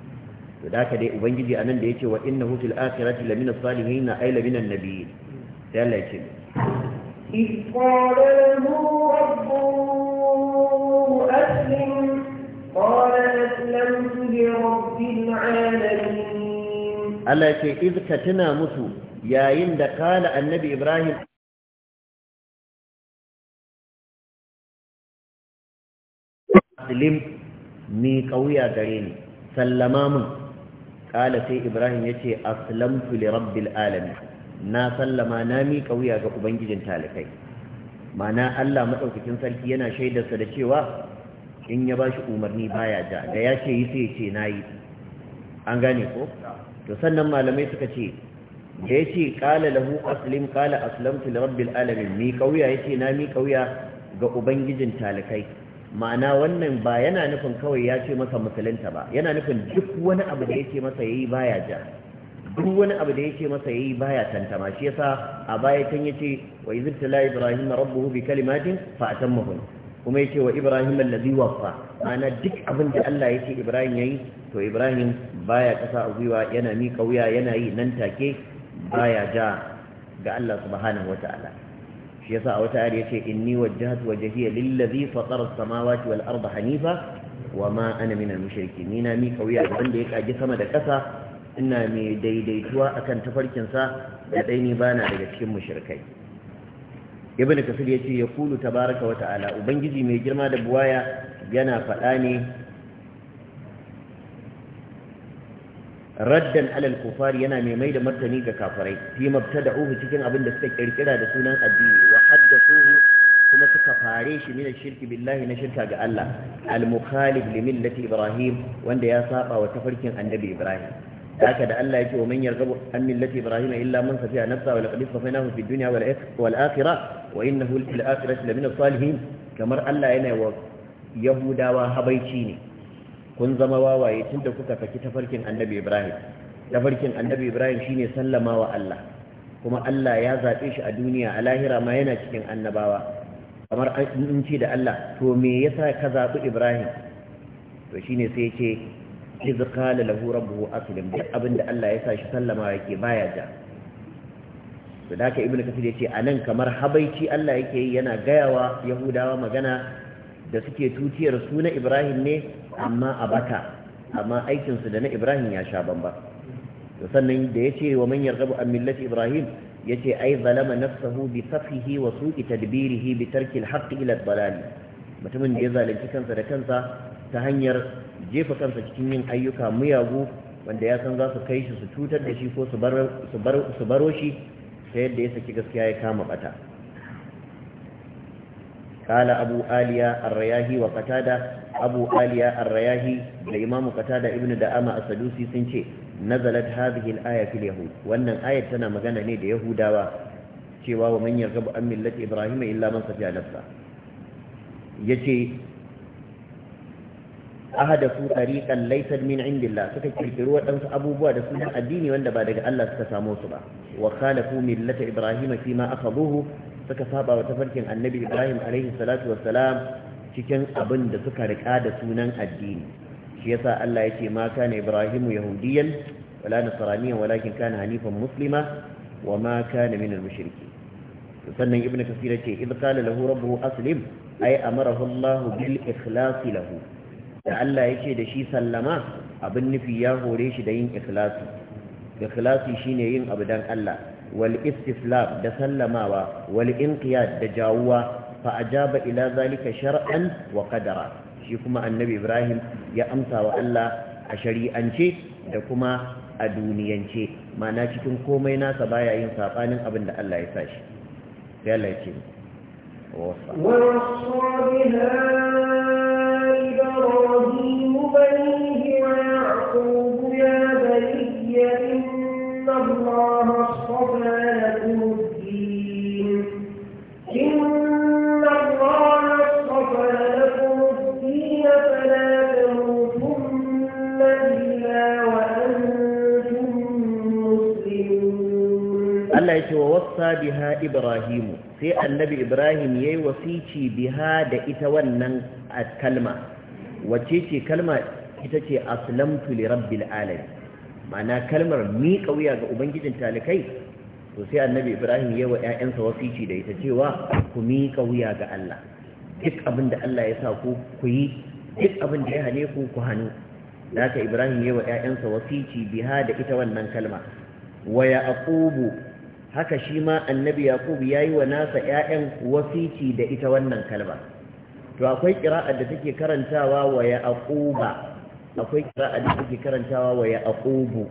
to da haka dai ubangiji anan da yace wa innahu fil akhirati lamina salihin ay lamina nabiyyin sai Allah ya ce إذ قال له ربه أسلم قال أسلمت لرب العالمين الله يقول إذ كتنا مسو يا يند قال النبي إبراهيم أسلم مي قوية قرين سلما قال سي إبراهيم يتي أسلمت لرب العالمين na sallama na miƙa wuya ga ubangijin talikai mana Allah maɗaukakin sarki yana shaidarsa da cewa in ya ba shi umarni baya ja da ya ce yi sai ce na yi an gane ko to sannan malamai suka ce da ya ce ƙala lahu aslim ƙala aslamtu li rabbil alamin mi kauya ya ce na mi kauya ga ubangijin talikai ma'ana wannan ba yana nufin kawai ya ce masa musulunta ba yana nufin duk wani abu da ya ce masa yayi baya ja duk wani abu da ya ce masa yayi baya tantama shi yasa a baya can yace wa izibtala ibrahim rabbuhu bi kalimatin fa atammahun kuma yace wa ibrahim allazi waffa ana duk abin da Allah yace ibrahim yayi to ibrahim baya kasa a gwiwa yana mi kauya yana yi nan take baya ja ga Allah subhanahu wataala shi yasa a wata ayar yace inni wajjahtu wajhiya lillazi fatara as-samawati wal arda hanifa wa ma ana minal mushrikin ni na mi kauya wanda ya kaji sama da kasa ina mai daidaituwa akan tafarkinsa da ɗaini bana daga cikin mushirkai. ibn kasir ya ce ya kulu tabaraka wa ta'ala ubangiji mai girma da buwaya yana faɗa ne raddan alal kufari yana mai mai da martani ga kafirai fi mabtada'uhu cikin abin da suka kirkira da sunan addini wa haddathuhu kuma suka fare shi min shirki billahi na shirka ga Allah al mukhalif li millati ibrahim wanda ya saba wa tafarkin annabi ibrahim haka da Allah yake wa man yarghabu an millati ibrahima illa man safiya nafsa wa laqad safaynahu fid dunya wal akhirah wa innahu lil akhirati kamar Allah yana wa yahudawa habaici ne kun zama wawaye tunda kuka saki tafarkin annabi ibrahim tafarkin annabi ibrahim shine sallama wa Allah kuma Allah ya zaɓe shi a duniya a lahira ma yana cikin annabawa kamar an ce da Allah to me yasa ka zaɓi ibrahim to shine sai ce iz da lahu rabbuhu aslim duk abinda Allah ya sa shi sallama yake baya ja to da haka ibnu kasir yace anan kamar habaici Allah yake yi yana gayawa yahudawa magana da suke tutiyar su na Ibrahim ne amma a baka amma aikin su da na Ibrahim ya sha bamba to sannan da yace wa man rabu an millati Ibrahim yace ai zalama nafsahu bi safihi wa su'i tadbirihi bi tarki al-haqq ila ad-dalal mutumin da ya zalunci kansa da kansa ta hanyar jefa kansa cikin yin ayyuka miyagu wanda ya san za su kai shi su cutar da shi ko su baro shi ta yadda ya saki gaskiya ya kama bata kala abu aliya arrayahi wa qatada abu aliya arrayahi da imamu qatada ibnu da'ama a sadusi sun ce nazalat hadhihi al-aya fil yahud wannan ayat tana magana ne da yahudawa cewa wa man yarghabu an millati ibrahima illa man safiya nafsa yace ahadafu tariqan laysa min indillah suka kirkiro wadansu abubuwa da sunan addini wanda ba daga Allah suka samu su ba wa khalafu millata ibrahima fima akhaduhu suka saba wa tafarkin annabi ibrahim alaihi salatu wassalam cikin abin da suka rika da sunan addini shi yasa Allah yake ma kana ibrahimu yahudiyan wala nasraniyan walakin kana hanifan muslima wa ma kana min al-mushrikeen sannan ibnu kasir ce idh qala lahu rabbuhu aslim ay amarahu Allah bil ikhlasi lahu da Allah ya ce da shi sallama abin nufi ya hore shi da yin ikhlasi ikhlasi shine yin abu dan Allah wal istiflab da sallamawa wal inqiyad da jawuwa fa ajaba ila zalika shar'an wa qadara shi kuma annabi Ibrahim ya amsa wa Allah a shari'ance da kuma a duniyance mana cikin komai nasa baya yin sabanin abin da Allah ya sa shi sai Allah ya ce wa إبراهيم بنيه ويعقوب يا بني إن الله اصطفى لكم الدين إن الله اصطفى لكم الدين فلا تموتن إلا وأنتم مسلمون الله يتوصى بها إبراهيم sai annabi ibrahim ya yi wasici biha da ita wannan kalma wace ce kalma ita ce aslamtu li rabbil alamin ma'ana kalmar miƙa wuya ga ubangijin talikai to sai annabi ibrahim yawa ƴaƴansa wasici da ita cewa ku miƙa wuya ga Allah duk abin da Allah ya sa ku ku yi duk abin da ya hane ku ku hannu da haka ibrahim yawa ƴaƴansa wasici biha da ita wannan kalma wa yaqubu haka shi ma annabi yaqub yayi wa nasa ƴaƴan wasici da ita wannan kalma to akwai ƙira'ar da take karantawa wa ya aquba akwai da take karantawa wa ya aqubu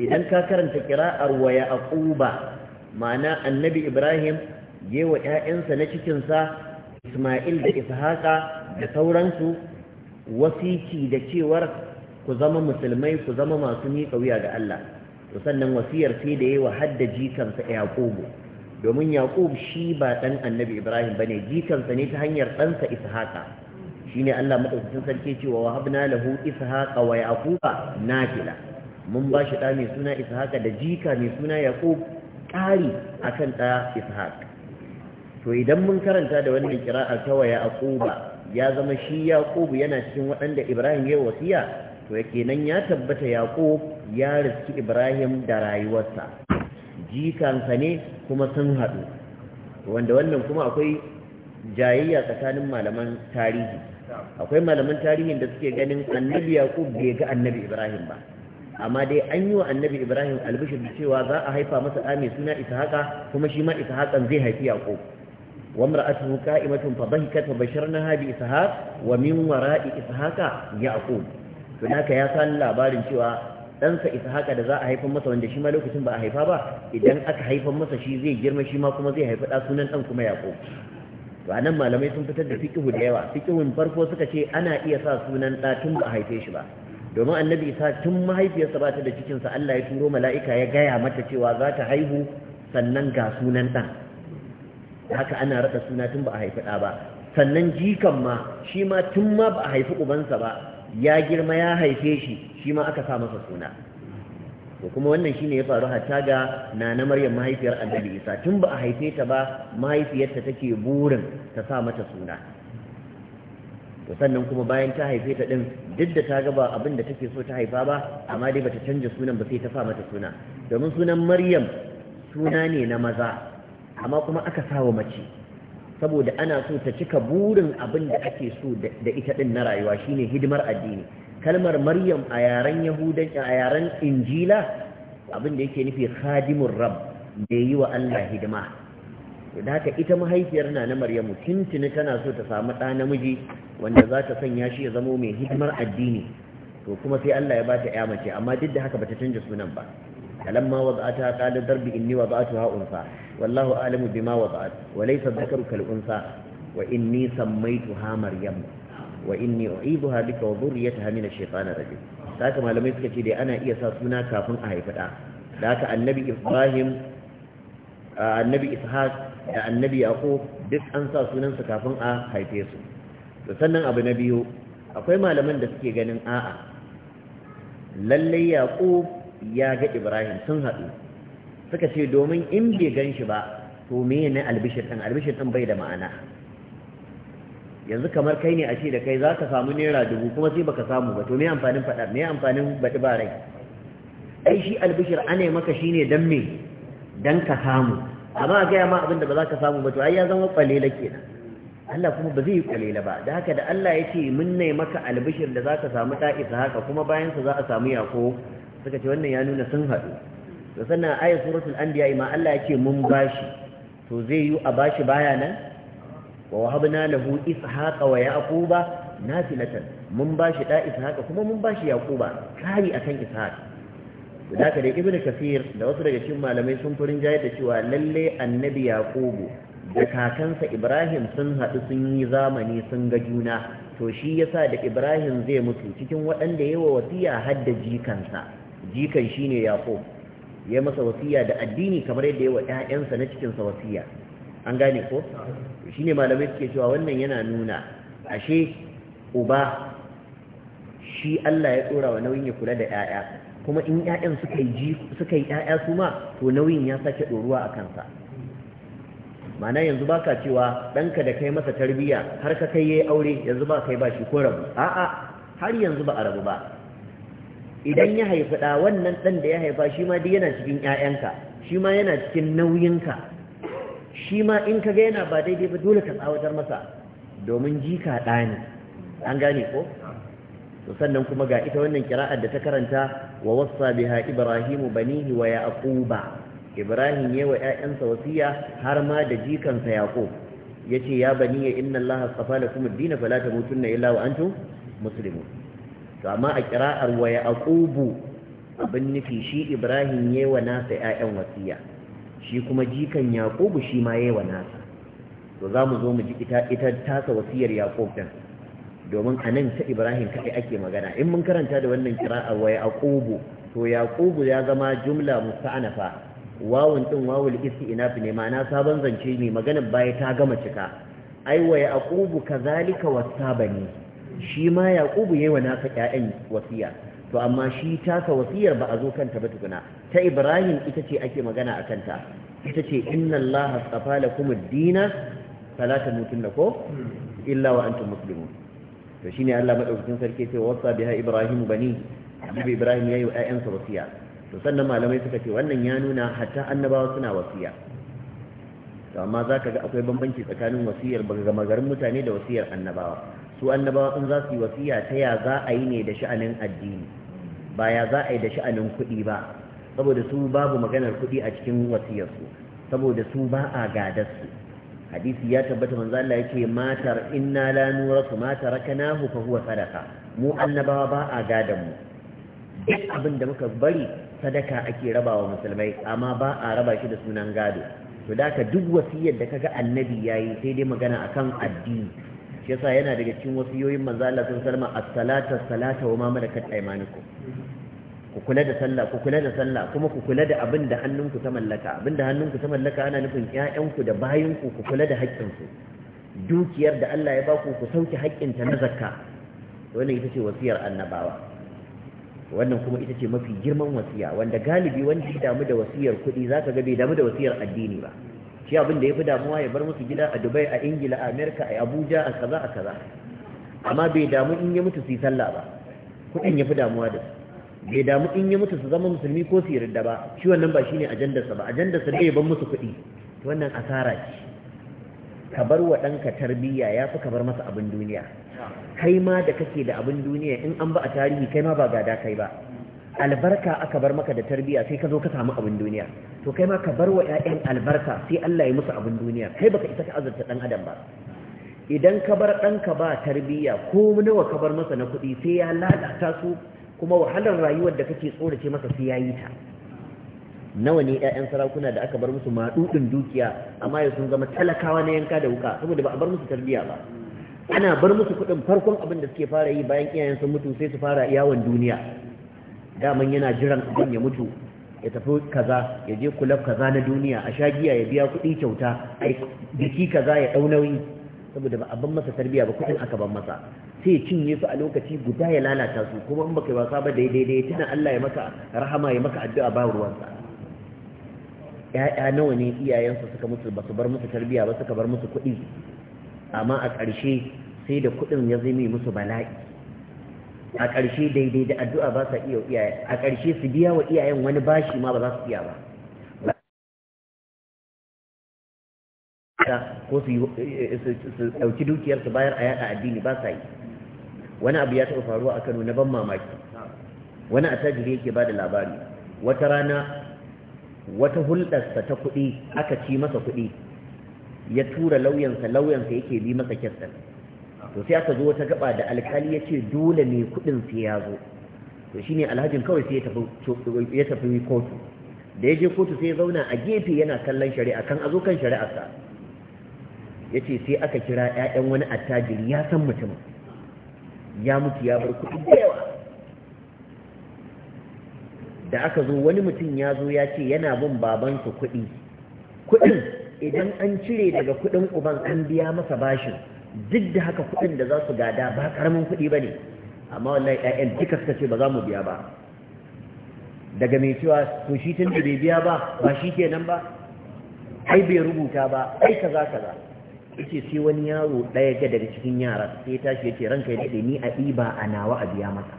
idan ka karanta ƙira'ar wa ya aquba ma'ana annabi ibrahim yewa ƴaƴansa na cikinsa isma'il da ishaqa da sauransu wasiki da cewar ku zama musulmai ku zama masu miƙa wuya ga Allah to sannan wasiyar sai da yawa hadda jikansa yaqubu domin yaqub shi ba ɗan annabi ibrahim ba ne jikansa ne ta hanyar ɗansa ishaqa shine Allah madaukakin sarki cewa wahabna lahu ishaqa wa yaquba nafila mun ba shi ɗa mai suna ishaqa da jika mai suna yaqub ƙari akan da ishaqa to idan mun karanta da wannan kira ta wa yaquba ya zama shi yaqub yana cikin waɗanda ibrahim ya wasiya to nan ya tabbata yaqub ya riski ibrahim da rayuwarsa jikansa ne kuma sun haɗu wanda wannan kuma akwai jayayya tsakanin malaman tarihi akwai malaman tarihin da suke ganin annabi yaqub bai ga annabi ibrahim ba amma dai an yi wa annabi ibrahim albishir da cewa za a haifa masa ɗa mai suna ishaqa kuma shi ma ishaqan zai haifi yaqub wa mar'atuhu qa'imatun fa dhahikat fa basharnaha bi ishaq wa min wara'i ishaqa yaqub to naka ya san labarin cewa ɗansa ishaqa da za a haifar masa wanda shi ma lokacin ba a haifa ba idan aka haifar masa shi zai girma shi ma kuma zai haifi ɗa sunan ɗan kuma yaƙo to anan malamai sun fitar da fiƙihu da yawa fiƙihun farko suka ce ana iya sa sunan ɗa tun ba a haife shi ba domin annabi isa tun mahaifiyarsa ba ta da cikinsa Allah ya turo mala'ika ya gaya mata cewa za ta haihu sannan ga sunan ɗan haka ana raɗa suna tun ba a haifi ɗa ba sannan jikan ma shi ma tun ma ba a haifi ubansa ba ya girma ya haife shi shi ma aka sa masa suna to kuma wannan shine ya faru hatta ga nana Maryam mahaifiyar Annabi Isa tun ba a haife ta ba mahaifiyarta take burin ta sa mata suna to sannan kuma bayan ta haife ta din duk da ta ga ba abin da take so ta haifa ba amma dai bata canja sunan ba sai ta sa mata suna domin sunan Maryam suna ne na maza amma kuma aka sawa mace saboda ana so ta cika burin abin da ake so da ita din na rayuwa shine hidimar addini kalmar maryam a yaren yahudan a yaren injila abin da yake nufi khadimur rab da yi wa Allah hidima da haka ita mahaifiyar na na maryamu tintini tana so ta samu ɗa namiji wanda za ta sanya shi ya zamo mai hidimar addini to kuma sai Allah ya ba ta ya mace amma duk da haka bata canja sunan ba فلما وضعتها قال ضرب إني وضعتها أنثى والله أعلم بما وضعت وليس الذكر كالأنثى وإني سميتها مريم وإني أعيذها بك وذريتها من الشيطان الرجيم ذاك ما لم يسكت دي أنا إيسا سنا كافن أهي فتا ذاك النبي إبراهيم آه النبي إسحاق آه النبي يعقوب duk an sa sunansa kafin a haife su to sannan abu na biyu akwai malaman da suke ganin a'a lallai yaqub ya ga ibrahim sun haɗu suka ce domin in bai gan shi ba to me ne albishir ɗin albishir ɗin bai da ma'ana yanzu kamar kai ne a ce da kai za ka samu naira dubu kuma sai baka samu ba to me amfanin faɗa me amfanin baɗi ba rai ai shi albishir ana maka shine dan me dan ka samu amma a gaya ma abin da ba za ka samu ba to ai ya zama kwalela kenan Allah kuma ba zai yi kwalela ba da haka da Allah ya ce mun ne maka albishir da za ka samu ta isa haka kuma bayan sa za a samu yako suka ce wannan ya nuna sun haɗu da sannan ayat suratul anbiya ma Allah ya mun bashi to zai yi a bashi baya nan wa wahabna lahu ishaqa wa yaquba nafilatan mun bashi da ishaqa kuma mun bashi yaquba kari akan ishaq to da dai ibnu kafir da wasu daga cikin malamai sun furin jayar da cewa lalle annabi yaqubu da kakansa ibrahim sun haɗu sun yi zamani sun ga juna to shi yasa da ibrahim zai mutu cikin waɗanda yawa wasiya hadda jikansa jikan shine ne ya masa wasiya da addini kamar yadda ya wa 'ya'yansa na cikin wasiya an gane ko shine malamai suke cewa wannan yana nuna ashe uba shi Allah ya tsora wa nauyin ya kula da 'ya'ya kuma in 'ya'yan suka yi 'ya'ya su ma to nauyin ya sake ɗoruwa a kansa mana yanzu baka cewa ɗanka da kai masa tarbiyya har ka kai yayi aure yanzu ba kai ba shi ko rabu a'a har yanzu ba a rabu ba idan ya haifi ɗa wannan ɗan da ya haifa shi ma yana cikin ‘ya'yanka shi ma yana cikin nauyinka shi ma in ka ga yana ba daidai ba dole ka tsawatar masa domin jika ɗa ne an gane ko to sannan kuma ga ita wannan kira'ar da ta karanta wa wasa biha ibrahimu banihi wa yaquba ibrahim ya wa ƴaƴansa wasiya har ma da jikansa yaqub yace ya ya inna allaha astafa lakum ad-din fala tamutunna illa wa antum muslimun to amma a kira'ar a ƙubu abin nufi shi ibrahim yi wa nasa ƴaƴan wasiya shi kuma jikan Yaƙubu shi ma yi wa nasa to za mu zo mu ji ita ita tasa wasiyar yaƙub din domin a nan ta ibrahim kai ake magana in mun karanta da wannan kira'ar a ƙubu to Yaƙubu ya zama jumla musta'anafa wawun din wawul fi ne ma'ana sabon zance ne maganar baya ta gama cika ai zalika wasa ba ne shi ma yaqubu yi wa nasa ƴaƴan wasiya to amma shi tasa wasiyar ba a zo kanta ba tukuna ta ibrahim ita ce ake magana a kanta ita ce inna allaha astafa lakum ad-dina fala tamutunna ko illa wa antum muslimun to shine Allah madaukakin sarki ce wasa biha ibrahim bani annabi ibrahim yayi wa ƴaƴansa wasiya to sannan malamai suka ce wannan ya nuna hatta annabawa suna wasiya to amma zaka ga akwai bambanci tsakanin wasiyar ba ga garin mutane da wasiyar annabawa su annabawa in za su yi wasiya ta ya za a yi ne da sha'anin addini ba ya za a yi da sha'anin kuɗi ba saboda su babu maganar kuɗi a cikin wasiyarsu saboda su ba a gadarsu hadisi ya tabbata manzo Allah yake matar inna la nurasu ma tarakanahu fa huwa sadaqa mu annabawa ba a gadan mu duk abin da muka bari sadaka ake rabawa musulmai amma ba a raba shi da sunan gado to da duk wasiyar da kaga annabi yayi sai dai magana akan addini yasa yana daga cikin wasiyoyin manzo Allah sun salma as-salata salata wa ma malakat aymanukum ku kula da sallah ku kula da sallah kuma ku kula da abin da hannunku ta mallaka abin da hannunku ta mallaka ana nufin ya'yanku da bayinku ku kula da haƙƙinsu dukiyar da Allah ya baku ku sauke haƙƙinta na zakka wannan ita ce wasiyar annabawa wannan kuma ita ce mafi girman wasiya wanda galibi wanda ya damu da wasiyar kuɗi zaka ga bai damu da wasiyar addini ba shi abin da ya fi damuwa ya bar musu gida a dubai a ingila a amerika a abuja a kaza a kaza amma bai damu in ya mutu su yi sallah ba kuɗin ya fi damuwa da su bai damu in ya mutu su zama musulmi ko su yi yarda ba shi wannan ba shine ajandarsa ba ajandarsa dai ya bar musu kuɗi wannan asara ce ka bar wa ɗanka tarbiyya ya fi ka bar masa abin duniya kai ma da kake da abin duniya in an ba a tarihi kai ma ba gada kai ba albarka aka bar maka da tarbiya sai ka zo ka samu abin duniya to kai ma ka bar wa 'ya'yan albarka sai Allah ya musu abin duniya kai baka isa ka azurta dan adam ba idan ka bar ɗanka ba tarbiya ko nawa ka bar masa na kuɗi sai ya lalata su kuma wahalar rayuwar da kake tsorace masa sai ya ta nawa ne 'ya'yan sarakuna da aka bar musu maɗuɗin dukiya amma ya sun zama talakawa na yanka da wuka saboda ba a bar musu tarbiya ba ana bar musu kuɗin farkon abin da suke fara yi bayan iyayen sun mutu sai su fara yawon duniya daman yana jiran abin ya mutu ya tafi kaza ya je kula kaza na duniya a shagiya ya biya kuɗi kyauta a biki kaza ya ɗau nauyi saboda ba abin masa tarbiyya ba kuɗin aka ban masa sai ya cinye su a lokaci guda ya lalata su kuma in baka yi wasa ba daidai dai tuna Allah ya maka rahama ya maka addu'a ba ruwansa ya'ya nawa ne iyayensu suka musu ba su bar musu tarbiyya ba suka bar musu kuɗi amma a ƙarshe sai da kuɗin ya zame musu bala'i a ƙarshe daidai da addu'a ba sa iya iyaye a ƙarshe su biya wa iyayen wani bashi ma ba za su iya ba ko su ɗauki dukiyar su bayar a yaɗa addini ba sa yi wani abu ya taɓa faruwa a Kano na ban mamaki wani attajiri yake ba da labari wata rana wata hulɗarsa ta kuɗi aka ci masa kuɗi ya tura lauyansa lauyansa yake bi masa kyastar to sai aka zo wata gaba da alkali ya ce dole ne kuɗin sai ya zo to shine alhajin kawai sai ya tafi kotu da ya je kotu sai ya zauna a gefe yana kallon shari'a kan a zo kan shari'arsa ya ce sai aka kira 'ya'yan wani attajiri ya san mutumin ya mutu ya bar kudi da yawa da aka zo wani mutum ya zo ya ce yana bin babansa kudi kuɗin idan an cire daga kuɗin uban an biya masa bashin duk da haka kuɗin da za su gada ba ƙaramin kuɗi ba ne amma wallahi ƴaƴan duka suka ce ba za mu biya ba daga mai cewa to shi tun da bai biya ba ba shi ke nan ba ai bai rubuta ba ai kaza kaza yace sai wani yaro ɗaya ga daga cikin yara sai tashi yace ranka ya dade ni a ɗiba a nawa a biya masa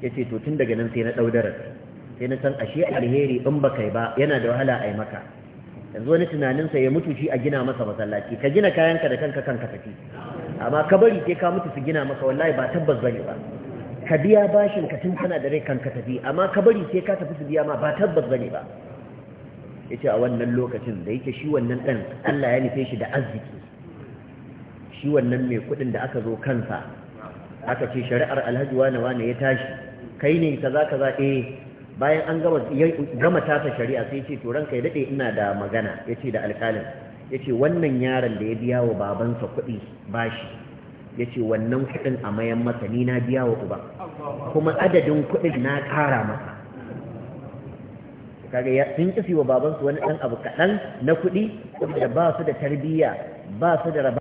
yace to tun daga nan sai na ɗau darasi sai na san ashe alheri in ba kai ba yana da wahala a yi maka yanzu wani tunaninsa ya mutu shi a gina masa masallaci ka gina kayanka da kanka kanka tafi amma ka bari sai ka mutu su gina maka wallahi ba tabbas bane ba ka biya bashin ka tun kana da rai kanka tafi amma ka bari sai ka tafi su biya ma ba tabbas bane ba yace a wannan lokacin da yake shi wannan dan Allah ya nufe shi da arziki shi wannan mai kudin da aka zo kansa aka ce shari'ar alhaji wane wane ya tashi kai ne kaza kaza eh bayan an gama tasa shari'a sai ce to ranka ya dade ina da magana yace da alƙalin yace wannan yaron da ya biya wa babansa kuɗi bashi yace wannan kuɗin a mayan masa ni na biya wa uba kuma adadin kuɗin na ƙara masa kaga sun kisi wa babansu wani ɗan abu kaɗan na kuɗi da ba su da tarbiyya ba su da raba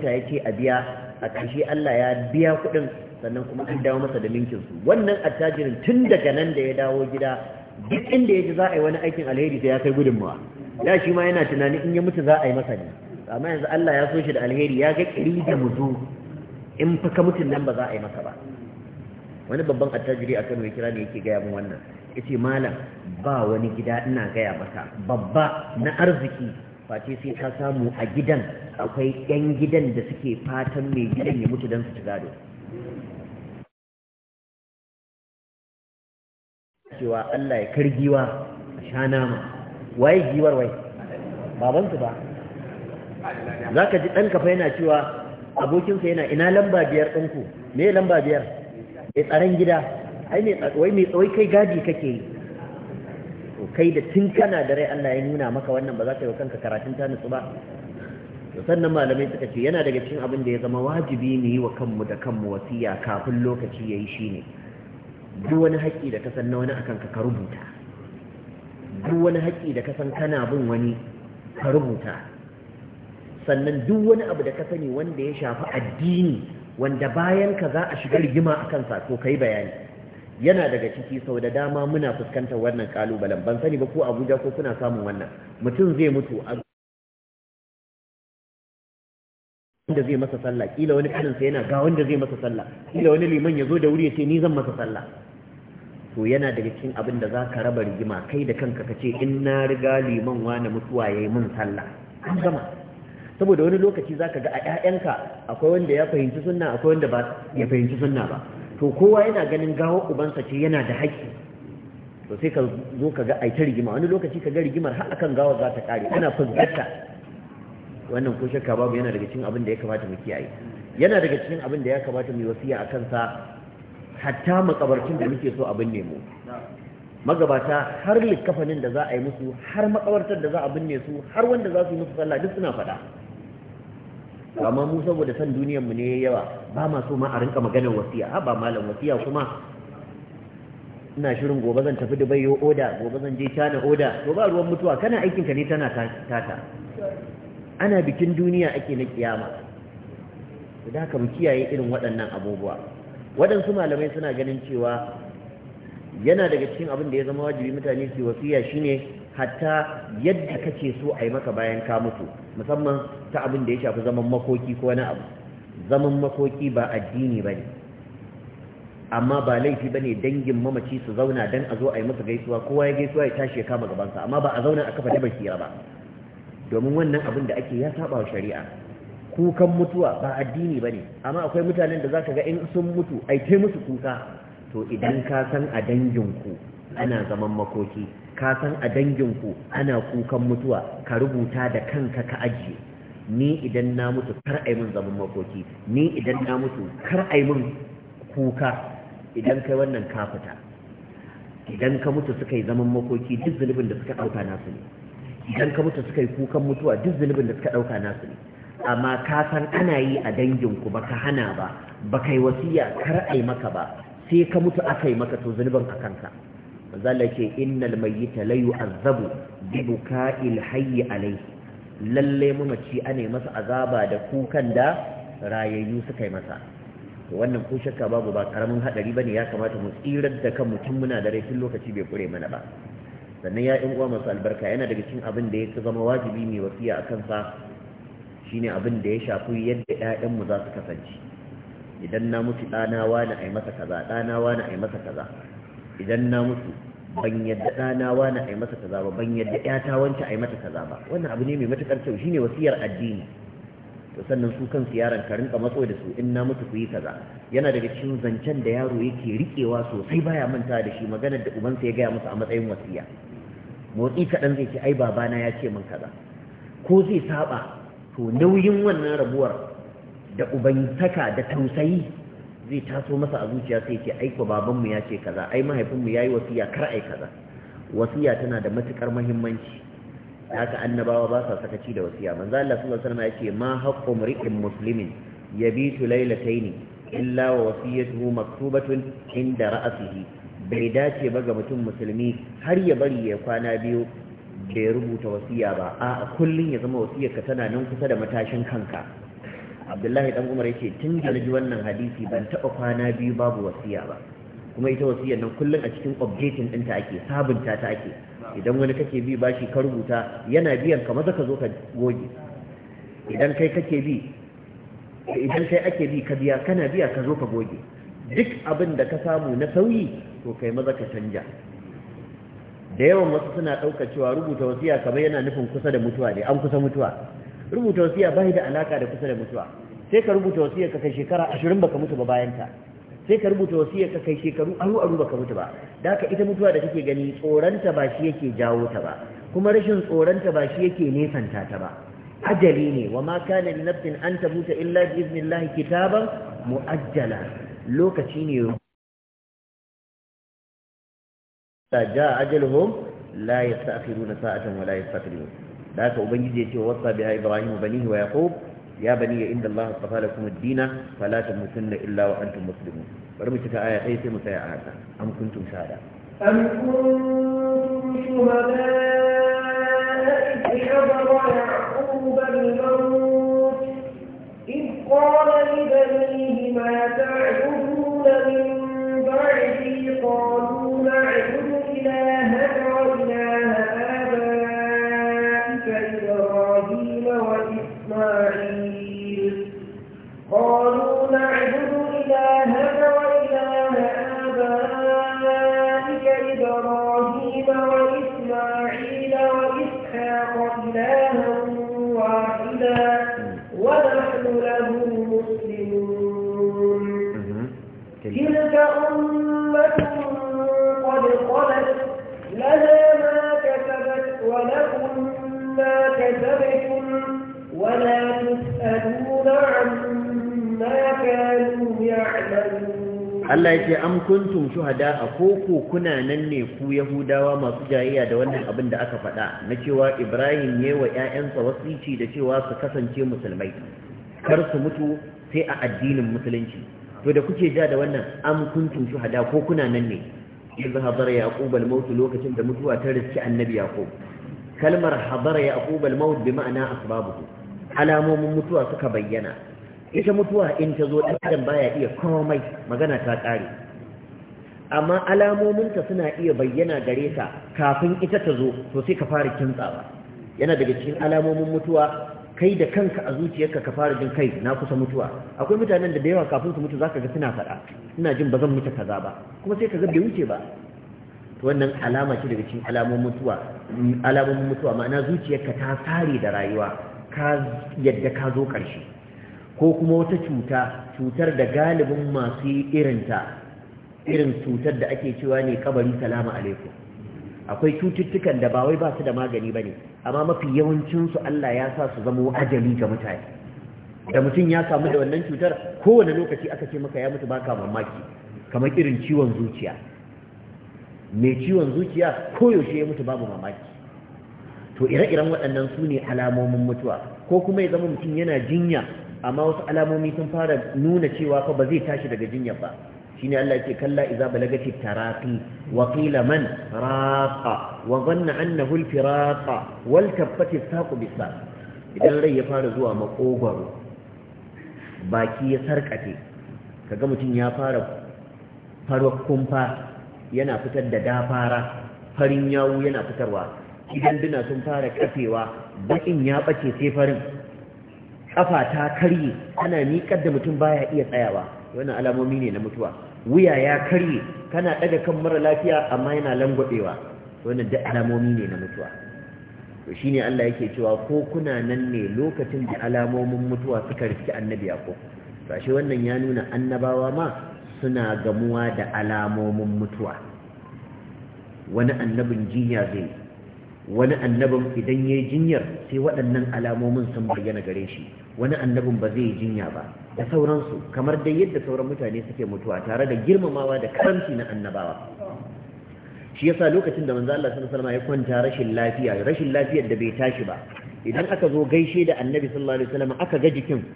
ta yake a biya a ƙarshe Allah ya biya kuɗin sannan kuma an dawo masa da minkin su wannan attajirin tun daga nan da ya dawo gida duk inda ya za a yi wani aikin alheri sai ya kai gudunmawa Ya shi ma yana tunanin in ya mutu za a yi masa ne amma yanzu Allah ya so shi da alheri ya ga kiri da mutu in fa ka mutun nan ba za a yi masa ba wani babban attajiri a Kano ya kira ne yake gaya min wannan yace malam ba wani gida ina gaya maka babba na arziki face sai ka samu a gidan akwai yan gidan da suke fatan mai gidan ya mutu dan su ci gado cewa Allah ya kargiwa a sha nama waye giwar wai babansu ba za ka ji ɗan kafa yana cewa abokinsa yana ina lamba biyar ɗinku me lamba biyar mai tsaron gida ai wai mai tsawai kai gadi kake yi kai da tun kana da rai Allah ya nuna maka wannan ba za ka yi wa kanka karatun tanisu ba sannan malamai suka ce yana daga cikin abin da ya zama wajibi mu yi wa kanmu da kanmu wasiya kafin lokaci ya yi shine duk wani haƙƙi da ka san na wani akan ka rubuta duk wani haƙƙi da ka san kana bin wani ka rubuta sannan duk wani abu da ka sani wanda ya shafi addini wanda bayan ka za a shiga rigima a kansa ko yi bayani yana daga ciki sau da dama muna fuskantar wannan kalubalen ban sani ba ko abuja ko kuna samun wannan mutum zai mutu a wanda zai masa sallah kila wani kaninsa yana ga wanda zai masa sallah kila wani liman ya zo da wuri ya ce ni zan masa sallah to yana daga cikin abin da zaka raba rigima kai da kanka ka ce in na riga liman wani mutuwa ya yi min sallah an gama saboda wani lokaci za ka ga a 'ya'yanka akwai wanda ya fahimci sunna akwai wanda ba ya fahimci sunna ba to kowa yana ganin gawar ubansa ce yana da haƙƙi to sai ka zo ka ga a rigima wani lokaci ka ga rigimar har akan gawar za ta kare ana fuskanta wannan ko shakka babu yana daga cikin abin da ya kamata mu kiyaye yana daga cikin abin da ya kamata mu wasiya akan sa hatta makabarcin da muke so abin ne mu magabata har likkafanin da za a yi musu har makabartar da za a binne su har wanda za su yi musu sallah duk suna faɗa amma mu saboda san duniyar mu ne yawa ba ma so ma a rinka maganar wasiya ha ba malam wasiya kuma ina shirin gobe zan tafi Dubai yo oda gobe zan je China oda to ba ruwan mutuwa kana aikin ka ne tana tata ana bikin duniya ake na kiyama da haka mu kiyaye irin waɗannan abubuwa waɗansu malamai suna ganin cewa yana daga cikin abin da ya zama wajibi mutane su wasiya shine hatta yadda kace so a yi maka bayan ka mutu musamman ta abin da ya shafi zaman makoki ko wani abu zaman makoki ba addini bane amma ba laifi bane dangin mamaci su zauna dan a zo a yi masa gaisuwa kowa ya gaisuwa ya tashi ya kama gabansa amma ba a zauna a kafa da bakira ba domin wannan abin da ake ya saba wa shari'a kukan mutuwa ba addini ba ne, amma akwai mutanen da zaka ga in sun mutu ai tai musu kuka to idan ka san a danginku ana zaman makoki ka san a danginku ana kukan mutuwa ka rubuta da kanka ka ajiye ni idan na mutu kar ai mun zaman makoki ni idan na mutu kar ai mun kuka idan kai wannan ka fita idan ka mutu suka yi zaman makoki duk zulubin da suka ɗauka nasu ne idan ka mutu suka yi kukan mutuwa duk zunubin da suka ɗauka nasu ne amma ka san ana yi a danginku ba ka hana ba ba yi wasiya kar ai maka ba sai ka mutu aka yi maka to zunubin a kanka manzala ce innal mayyita la yu'azzabu bi buka'il hayyi alayhi lalle mamaci ana masa azaba da kukan da rayayyu suka yi masa wannan ko shakka babu ba karamin hadari bane ya kamata mu tsirar da kanmu mutum muna da rai tun lokaci bai kure mana ba sannan ya yi uwa masu albarka yana daga cikin abin da ya zama wajibi mai wasiya a kansa ne abin da ya shafi yadda 'ya'yanmu za su kasance idan na mutu ɗana wani a yi masa kaza ɗana wani a yi masa kaza idan na mutu ban yadda ɗana wani a yi masa kaza ba ban yadda ƴata wancan a yi mata kaza ba wannan abu ne mai matuƙar kyau Shi ne wasiyar addini to sannan su kansu siyaran ka rinka matso da su in na mutu ku yi kaza yana daga cikin zancen da yaro yake riƙewa sosai baya manta da shi maganar da ubansa ya gaya masa a matsayin wasiya motsi kaɗan zai ce ai babana ya ce min kaza ko zai saba to nauyin wannan rabuwar da ubantaka da tausayi zai taso masa a zuciya sai ce ai babanmu ya ce kaza ai mahaifinmu ya yi wasiya kar ai kaza wasiya tana da matuƙar muhimmanci haka annabawa ba sa sakaci da wasiya manzo Allah sallallahu alaihi wasallam yake ma haqqu mri'in muslimin yabitu laylataini illa wa wasiyatuhu maktubatun inda ra'sihi bai dace ba ga mutum musulmi har ya bari ya kwana biyu bai rubuta wasiya ba a kullun ya zama ka tana nan kusa da matashin kanka Abdullahi dan Umar yake tun da ji wannan hadisi ban taba kwana biyu babu wasiya ba kuma ita wasiyar nan kullum a cikin updating ɗinta ake sabunta ta ake idan wani kake bi bashi ka rubuta yana biyan ka maza zo ka goge idan kai kake bi idan kai ake bi ka biya kana biya ka zo ka goge duk abin da ka samu na sauyi to kai maza ka canja da yawan wasu suna ɗauka cewa rubuta wasiya kamar yana nufin kusa da mutuwa ne an kusa mutuwa rubuta wasiya bai da alaka da kusa da mutuwa sai ka rubuta wasiya ka kai shekara ashirin baka mutu ba bayanta. sai ka rubuta wasiyar ka kai shekaru aru ba ka mutu ba da haka ita mutuwa da take gani tsoronta ba shi yake jawo ta ba kuma rashin tsoronta ba shi yake nesanta ta ba ajali ne wa ma kana li nafsin an tamuta illa bi iznillah kitaban muajjala lokaci ne ja ajaluhum la yastakhiruna sa'atan wa la yastaqdimuna da haka ubangiji ya ce wasa biha ibrahim banihi wa yaqub ya bani ya inda Allah tsafa da kuma dina fala ta mutum da illa wa an ta mu cika aya sai sai mu tsaya a haka an kuntum shahada. am kuntum shuhada ibrahim wa yaqub bin maut id qala li bani ma ta Allah ya ce am kuntum shuhada a koko kuna nan ne ku yahudawa masu jayayya da wannan abin da aka faɗa na cewa ibrahim ne wa ya'yansa wasici da cewa su kasance musulmai kar su mutu sai a addinin musulunci to da kuke ja da wannan am kuntum shuhada ko kuna nan ne idza Habar yaqub al mautu lokacin da mutuwa ta riski annabi ko? kalmar Habar yaqub al maut bi ma'ana asbabuhu alamomin mutuwa suka bayyana ita mutuwa in ta zo ɗan adam baya iya komai magana ta ƙare amma alamominta suna iya bayyana gare ka kafin ita ta zo to sai ka fara kintsawa yana daga cikin alamomin mutuwa kai da kanka a zuciyarka ka fara jin kai na kusa mutuwa akwai mutanen da da yawa kafin su mutu zaka ga suna faɗa ina jin ba zan mutu kaza ba kuma sai ka ga bai wuce ba to wannan alama ce daga cikin alamomin mutuwa alamomin mutuwa ma'ana zuciyarka ta sare da rayuwa ka yadda ka zo ƙarshe ko kuma wata cuta cutar da galibin masu irinta irin cutar da ake cewa ne kabari salamu alaikum akwai cututtukan da ba wai ba su da magani ba ne amma mafi yawancinsu Allah ya sa su zama ajali ga mutane da mutum ya samu da wannan cutar kowane lokaci aka ce maka ya mutu baka mamaki kamar irin ciwon zuciya mai ciwon zuciya koyaushe ya mutu babu mamaki to ire-iren waɗannan su ne alamomin mutuwa ko kuma ya zama mutum yana jinya amma wasu alamomi sun fara nuna cewa fa ba zai tashi daga jinyar ba shine Allah yake kalla idza balagati taraqi wa qila man raqa wa dhanna annahu al-firaqa wal kaffati saqu idan rai ya fara zuwa makogwaro baki ya sarkate kaga mutum ya fara farwar kumfa yana fitar da dafara farin yawu yana fitarwa idan duna sun fara kafewa bakin ya bace sai farin Ƙafa ta karye Kana miƙar da mutum baya iya tsayawa wannan alamomi ne na mutuwa wuya ya karye kana ɗaga kan mara lafiya amma yana langwabewa wannan duk alamomi ne na mutuwa to shine Allah yake cewa ko kuna nan ne lokacin da alamomin mutuwa suka riski annabi Yakub to ashe wannan ya nuna annabawa ma suna gamuwa da alamomin mutuwa wani annabin jinya zai wani annabin idan ya yi jinyar sai waɗannan alamomin sun bayyana gare shi wani annabin ba zai yi jinya ba da sauransu kamar dai yadda sauran mutane suke mutuwa tare da girmamawa da karanci na annabawa shi yasa lokacin da manzo Allah sallallahu alaihi ya kwanta rashin lafiya rashin lafiyar da bai tashi ba idan aka zo gaishe da annabi sallallahu alaihi wasallam aka ga jikin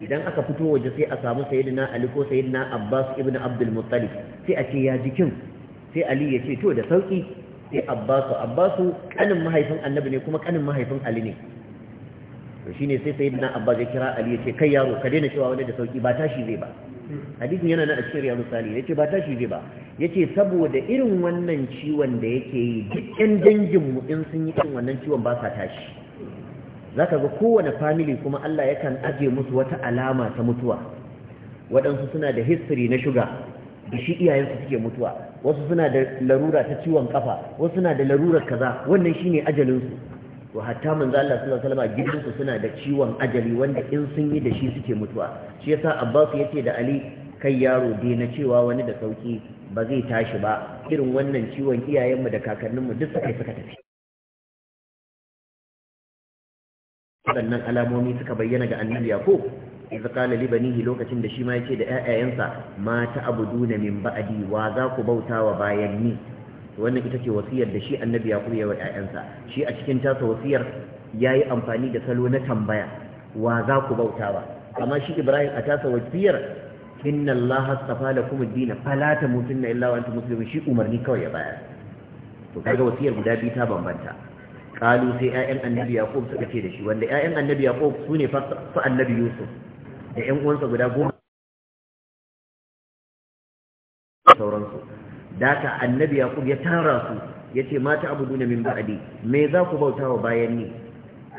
idan aka fito waje sai a samu sayyidina Ali ko sayyidina Abbas ibn Abdul Muttalib sai a ce ya jikin sai Ali ya ce to da sauki sai abbasu abbasu kanin mahaifin annabi ne kuma kanin mahaifin ali ne to shine sai sayyidina abbas ya kira ali ya ce kai yaro ka daina cewa wani da sauki ba tashi zai ba hadisin yana nan a cikin riyadu sali ya ce ba tashi zai ba ya ce saboda irin wannan ciwon da yake yi duk yan mu in sun yi irin wannan ciwon ba sa tashi zaka ga kowane family kuma allah yakan aje musu wata alama ta mutuwa waɗansu suna da history na shuga da shi iyayensu suke mutuwa wasu suna da larura ta ciwon kafa wasu suna da larurar kaza wannan shine ajalinsu to hatta manzo Allah sallallahu alaihi wasallam gidansu suna da ciwon ajali wanda in sun yi da shi suke mutuwa shi yasa Abbas yace da Ali kai yaro daina cewa wani da sauki ba zai tashi ba irin wannan ciwon iyayenmu da kakanninmu duk suka suka tafi waɗannan alamomi suka bayyana ga annabi Yakub idza qala li banihi lokacin da shi ma yake da ƴaƴayensa ma ta'buduna min ba'di wa za ku bautawa bayan ni wannan ita ce wasiyar da shi annabi ya kuya wa ƴaƴansa shi a cikin tasa wasiyar yayi amfani da salo na tambaya wa za ku bautawa amma shi Ibrahim a tasa wasiyar inna Allah astafa lakum ad-din fala tamutunna illa wa antum muslimun shi umarni kawai ya bayar to kaga wasiyar guda biyu ta bambanta kalu sai ƴaƴan annabi yaqub suka ce da shi wanda ƴaƴan annabi yaqub sune fa annabi yusuf da 'yan uwansa guda goma sauransu daka annabi yaqub ya tara su yace mata na min ba'di me za ku wa bayan ni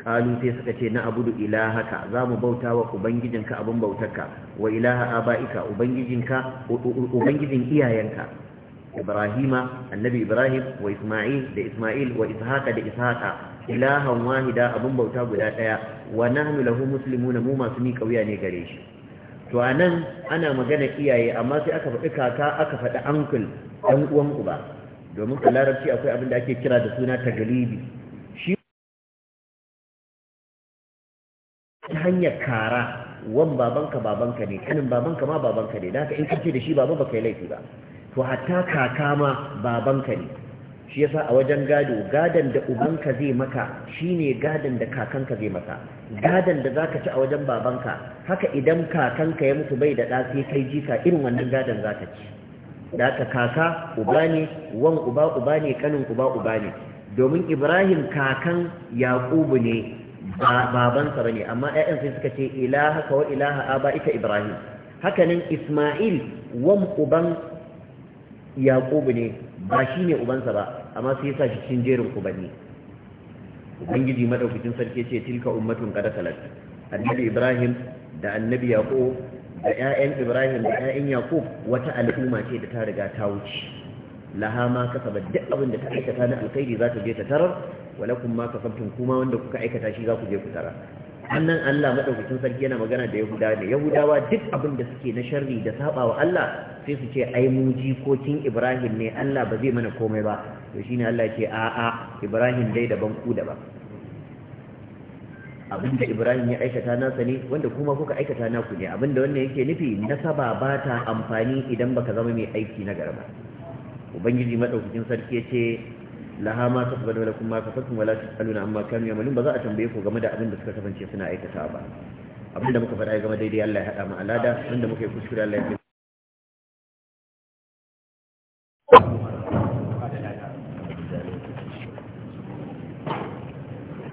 Kalu sai suka ce na abudu ilahaka za mu bautawa ubangijinka abun bautarka wa ilaha abaika ubangijinka ubangijin iyayenka ibrahima annabi ibrahim wa isma'il da isma'il wa ishaqa da ishaqa ilahan wahida abun bauta guda daya wa nahnu lahu muslimuna mu masu ni kauya ne gare shi to anan ana magana iyaye amma sai aka faɗi kaka aka faɗi uncle dan uwan uba domin a larabci akwai abin da ake kira da suna tagalibi shi ta hanyar kara wan babanka babanka ne kanin babanka ma babanka ne da haka in kace da shi baba baka yi laifi ba to hatta kaka ma babanka ne shi yasa a wajen gado gadon da ubanka zai maka shine gadon da kakanka zai maka gadon da zaka ci a wajen babanka haka idan kakanka ya mutu bai da ɗa sai kai jika irin wannan gadon zaka ci da ka kaka uba ne wan uba uba ne kanin uba uba ne domin ibrahim kakan yaqubu ne babansa bane amma ƴaƴan sai suka ce ilaha ka wa ilaha aba ita ibrahim hakanin isma'il wan uban yaqubu ne ba shi ne ubansa ba amma sai yasa shi cikin jerin ubanni ubangiji madaukakin sarki ce tilka ummatun kada talat annabi ibrahim da annabi yaqub da ƴaƴan ibrahim da ƴaƴan yaqub wata al'umma ce da ta riga ta wuce laha ma kasaba duk abin da ta aikata na alkhairi za ta je ta tarar walakum ma kasabtum kuma wanda kuka aikata shi za ku je ku tarar annan Allah madaukakin sarki yana magana da Yahudawa ne Yahudawa duk abin da suke na sharri da sabawa Allah sai su ce ai mu jikokin Ibrahim ne Allah ba zai mana komai ba to shine Allah ce a a Ibrahim dai daban ku daban abin da Ibrahim ya aikata nasa ne wanda kuma kuka aikata naku ne abin da wannan yake nufi nasaba ba ta amfani idan baka zama mai aiki na garba ubangiji madaukakin sarki ya ce laha ma tasbadu lakum ma kafatum wala tasaluna amma kanu yamalun ba za a tambaye ku game da abin da suka kasance suna aikata ba abin da muka faɗa game daidai Allah ya haɗa mu alada wanda muka yi kuskure Allah ya